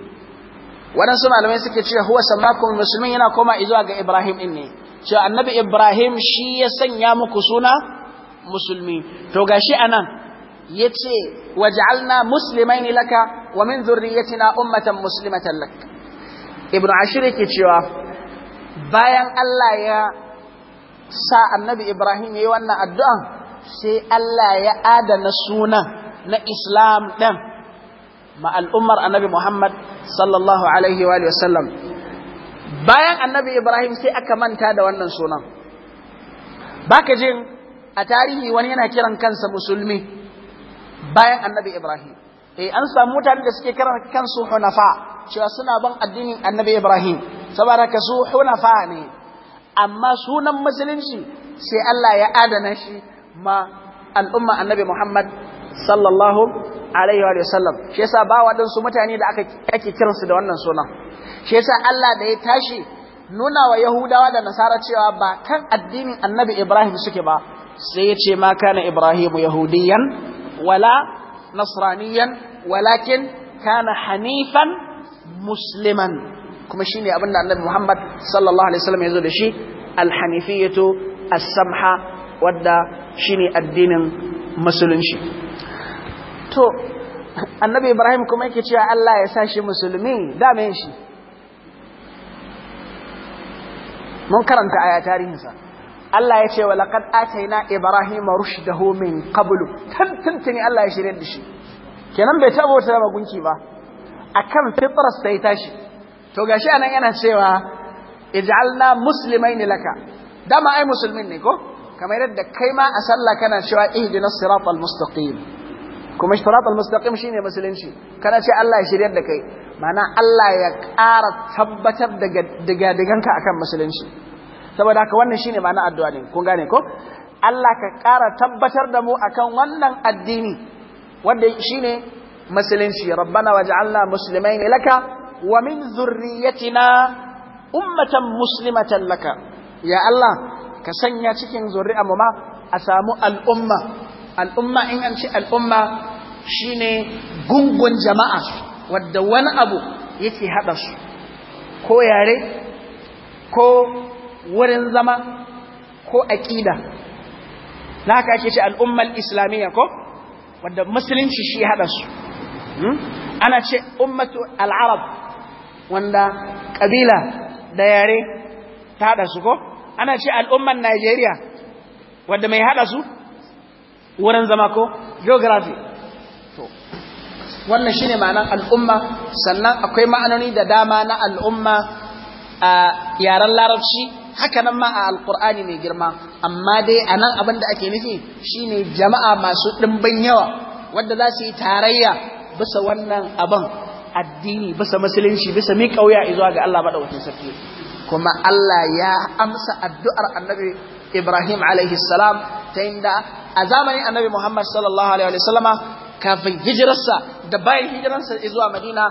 waɗansu malamai suka ce huwa sammakum musulmin yana koma izuwa ga Ibrahim ɗin ne cewa annabi Ibrahim shi ya sanya muku suna musulmi to gashi anan yace waj'alna ne laka wa min dhurriyyatina ummatan muslimatan lak Ibn Ashir yake cewa bayan Allah ya sa annabi Ibrahim yayi wannan addu'an sai Allah ya adana sunan na Islam ɗin. ma al'ummar annabi Muhammad sallallahu alaihi wa sallam bayan annabi Ibrahim sai aka manta da wannan sunan baka jin a tarihi wani yana kiran kansa musulmi bayan annabi Ibrahim eh, an samu mutane da suke kiran kansu hunafa cewa suna ban addinin annabi Ibrahim saboda ka su hunafa ne amma sunan musulunci sai Allah ya adana shi ma al'umma annabi Muhammad sallallahu alaihi wa sallam shi yasa ba waɗansu mutane da aka ake kiransu da wannan sunan shi yasa Allah da ya tashi nuna wa Yahudawa da Nasara cewa ba kan addinin Annabi Ibrahim suke ba sai ya ce ma kana Ibrahim yahudiyan wala nasraniyan walakin kana hanifan musliman kuma shine abinda Annabi Muhammad sallallahu alaihi wasallam ya zo da shi alhanifiyatu, hanifiyatu as-samha wadda shine addinin musulunci to annabi ibrahim kuma yake cewa Allah ya sa shi musulmi dame shi mun karanta aya tarihinsa Allah ya ce wa laqad atayna ibrahima rushdahu min qablu Tan Allah ya shirye da shi kenan bai taba wata magunki ba akan fitras sai tashi to gashi anan yana cewa ij'alna muslimaini laka dama ai musulmin ne ko kamar yadda kai ma a sallah kana cewa ihdinas siratal mustaqim kuma shiratul mustaqim shine musulunci kana ce Allah ya shiryar da kai ma'ana Allah ya ƙara tabbatar daga daga diganka akan musulunci saboda haka wannan shine ma'ana addu'a ne kun gane ko Allah ka ƙara tabbatar da mu akan wannan addini wanda shine musulunci rabbana waj'alna muslimaini laka wa min zurriyyatina ummatan muslimatan laka ya Allah ka sanya cikin zuri'a mu ma a samu al'umma al'umma in an ci al'umma shine gungun jama'a wadda wani abu yake haɗa su ko yare ko wurin zama ko aƙida na haka ake ce al'ummar islamiyya ko wadda musulunci shi haɗa su hmm? ana ce ummatu al'arab wanda ƙabila da yare ta haɗa su ko ana ce al'ummar najeriya wadda mai haɗa su wurin zama ko geography wannan shine ma'anar al'umma sannan akwai ma'anoni da dama na al'umma a yaren larabci haka nan ma a alkur'ani mai girma amma dai a nan abin da ake nufi shine jama'a masu ɗimbin yawa wadda za su yi tarayya bisa wannan abin addini bisa musulunci bisa mi kauya zuwa ga Allah madaukakin sarki kuma Allah ya amsa addu'ar annabi Ibrahim alaihi salam ta inda a zamanin annabi Muhammad sallallahu alaihi wasallama kafin hijirarsa da bayan hijirarsa zuwa madina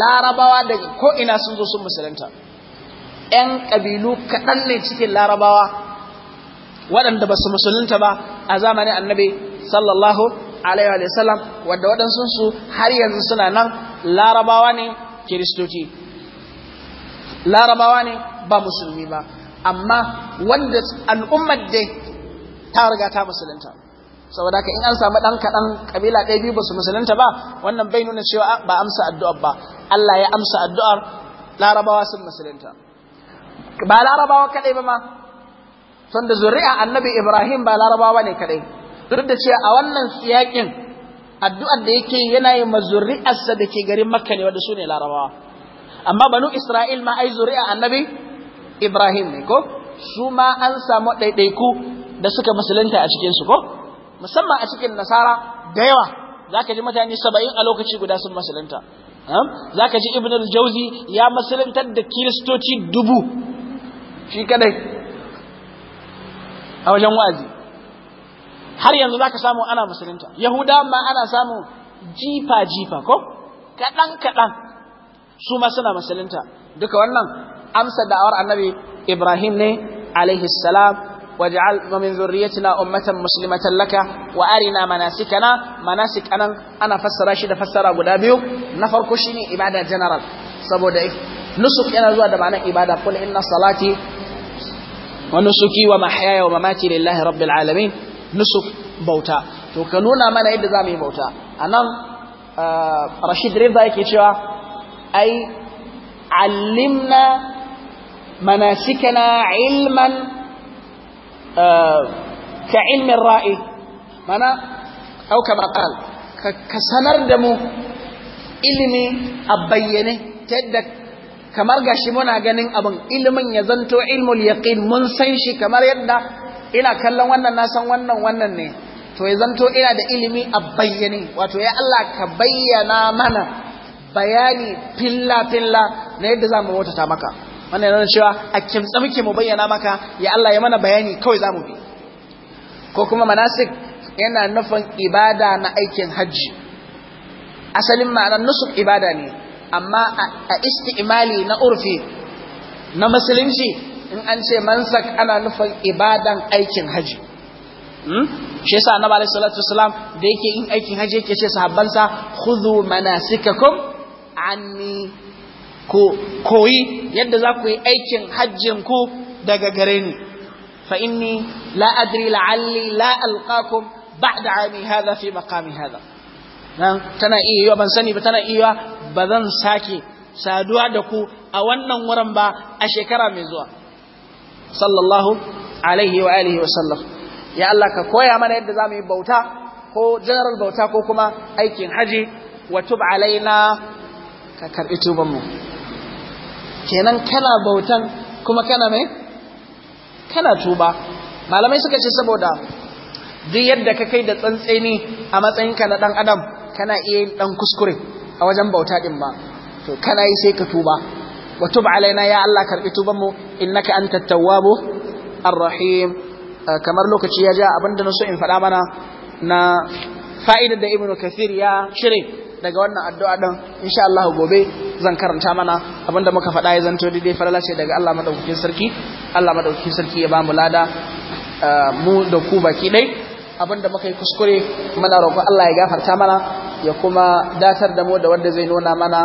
larabawa daga ko'ina sun zo sun musulunta ‘yan ƙabilu kaɗan ne cikin larabawa waɗanda ba su musulunta ba a zamanin annabi sallallahu alaihi wa sallam wadda waɗansunsu har yanzu suna nan larabawa ne kiristoci larabawa ne ba musulmi ba amma wanda al'ummar dai ta riga ta musulunta saboda haka in an samu dan kaɗan kabila ɗaya biyu ba su musulunta ba wannan bai nuna cewa ah, ba amsa addu'ar ba Allah ya amsa addu'ar larabawa sun musulunta ba larabawa kaɗai ba ma tun da zuri'a annabi ibrahim ba larabawa ne kaɗai duk da cewa a wannan yakin addu'ar da yake yana yi ma zuri'arsa da ke garin makka ne wanda su ne larabawa amma banu isra'il ma ai zuri'a annabi ibrahim ne ko su ma an samu ɗaiɗaiku da suka musulunta a cikinsu ko musamman a cikin nasara da yawa za ka ji mutane saba'in a lokaci guda sun musulunta za ka ji ibn al-jauzi ya musuluntar da kiristoci dubu shi kadai a wajen wa'azi har yanzu za ka samu ana musulunta yahuda ma ana samu jifa-jifa ko kaɗan-kaɗan su ma suna musulunta duka wannan amsa da'awar annabi ibrahim ne alaihi salam waj'al min zurriyyatina ummatan muslimatan laka wa arina manasikana manasik ana fassara shi da fassara guda biyu na farko shine ibada general saboda nusuk yana zuwa da ma'anar ibada kul inna salati wa nusuki wa mahyaya wa mamati lillahi rabbil alamin nusuk bauta to ka nuna mana yadda zamu yi bauta anan Rashid Reza yake cewa ai allimna manasikana ilman ka ilmin ra'i mana auka maƙal ka sanar da mu ilimi a bayyane ta yadda kamar gashi muna ganin abin ilimin ya zanto ilmul yaqin mun san shi kamar yadda ina kallon wannan na san wannan wannan ne to ya zanto ina da ilimi a bayyane wato ya Allah ka bayyana mana bayani filla filla na yadda za mu bautata maka wannan yana cewa a kimtsa muke mu bayyana maka ya Allah ya mana bayani kawai za mu bi ko kuma manasik yana nufin ibada na aikin hajji asalin ma'anar nusuk ibada ne amma a istimali na urfi na musulunci in an ce mansak ana nufin ibadan aikin hajji hmm? shi yasa annabi alaihi salatu wasalam da yake in aikin hajji yake ce sahabbansa khudhu manasikakum anni ku koyi yadda za ku yi aikin hajjin ku daga gare ni fa inni la adri la'alli la alqakum ba'da ami hadha fi maqami hadha nan tana iya yiwa ban sani ba tana iya ba zan sake saduwa da ku a wannan wurin ba a shekara mai zuwa sallallahu alaihi wa alihi wa sallam ya Allah ka koya mana yadda zamu yi bauta ko general bauta ko kuma aikin haji wa tub alaina ka karbi tuban mu kenan kana bautan kuma kana mai kana tuba malamai suka ce saboda duk yadda ka kai da tsantseni a matsayinka na dan adam kana iya yin dan kuskure a wajen bauta din ba to kana yi sai ka tuba wa tub alaina ya Allah karbi tuban mu innaka antat tawwabu arrahim kamar lokaci ya ja abinda na so in faɗa mana na fa'idar da ibnu kathir ya shirin daga wannan addu'a din insha Allah gobe zan karanta mana abinda muka faɗa ya zanto daidai falala ce daga Allah madaukakin sarki Allah madaukakin sarki ya bamu lada ah, mu da ku baki ɗai. abinda muka yi kuskure muna roƙon Allah ya gafarta mana ya kuma datar da mu da wanda zai nuna mana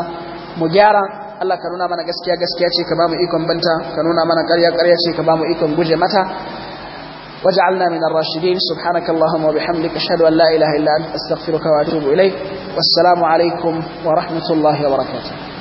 mu gyara Allah ka nuna mana gaskiya gaskiya ce ka ba mu ikon banta ka nuna mana ƙarya ƙarya ce ka ba mu ikon guje mata واجعلنا من الراشدين سبحانك اللهم وبحمدك أشهد أن لا إله إلا أنت أستغفرك وأتوب إليك والسلام عليكم ورحمة الله وبركاته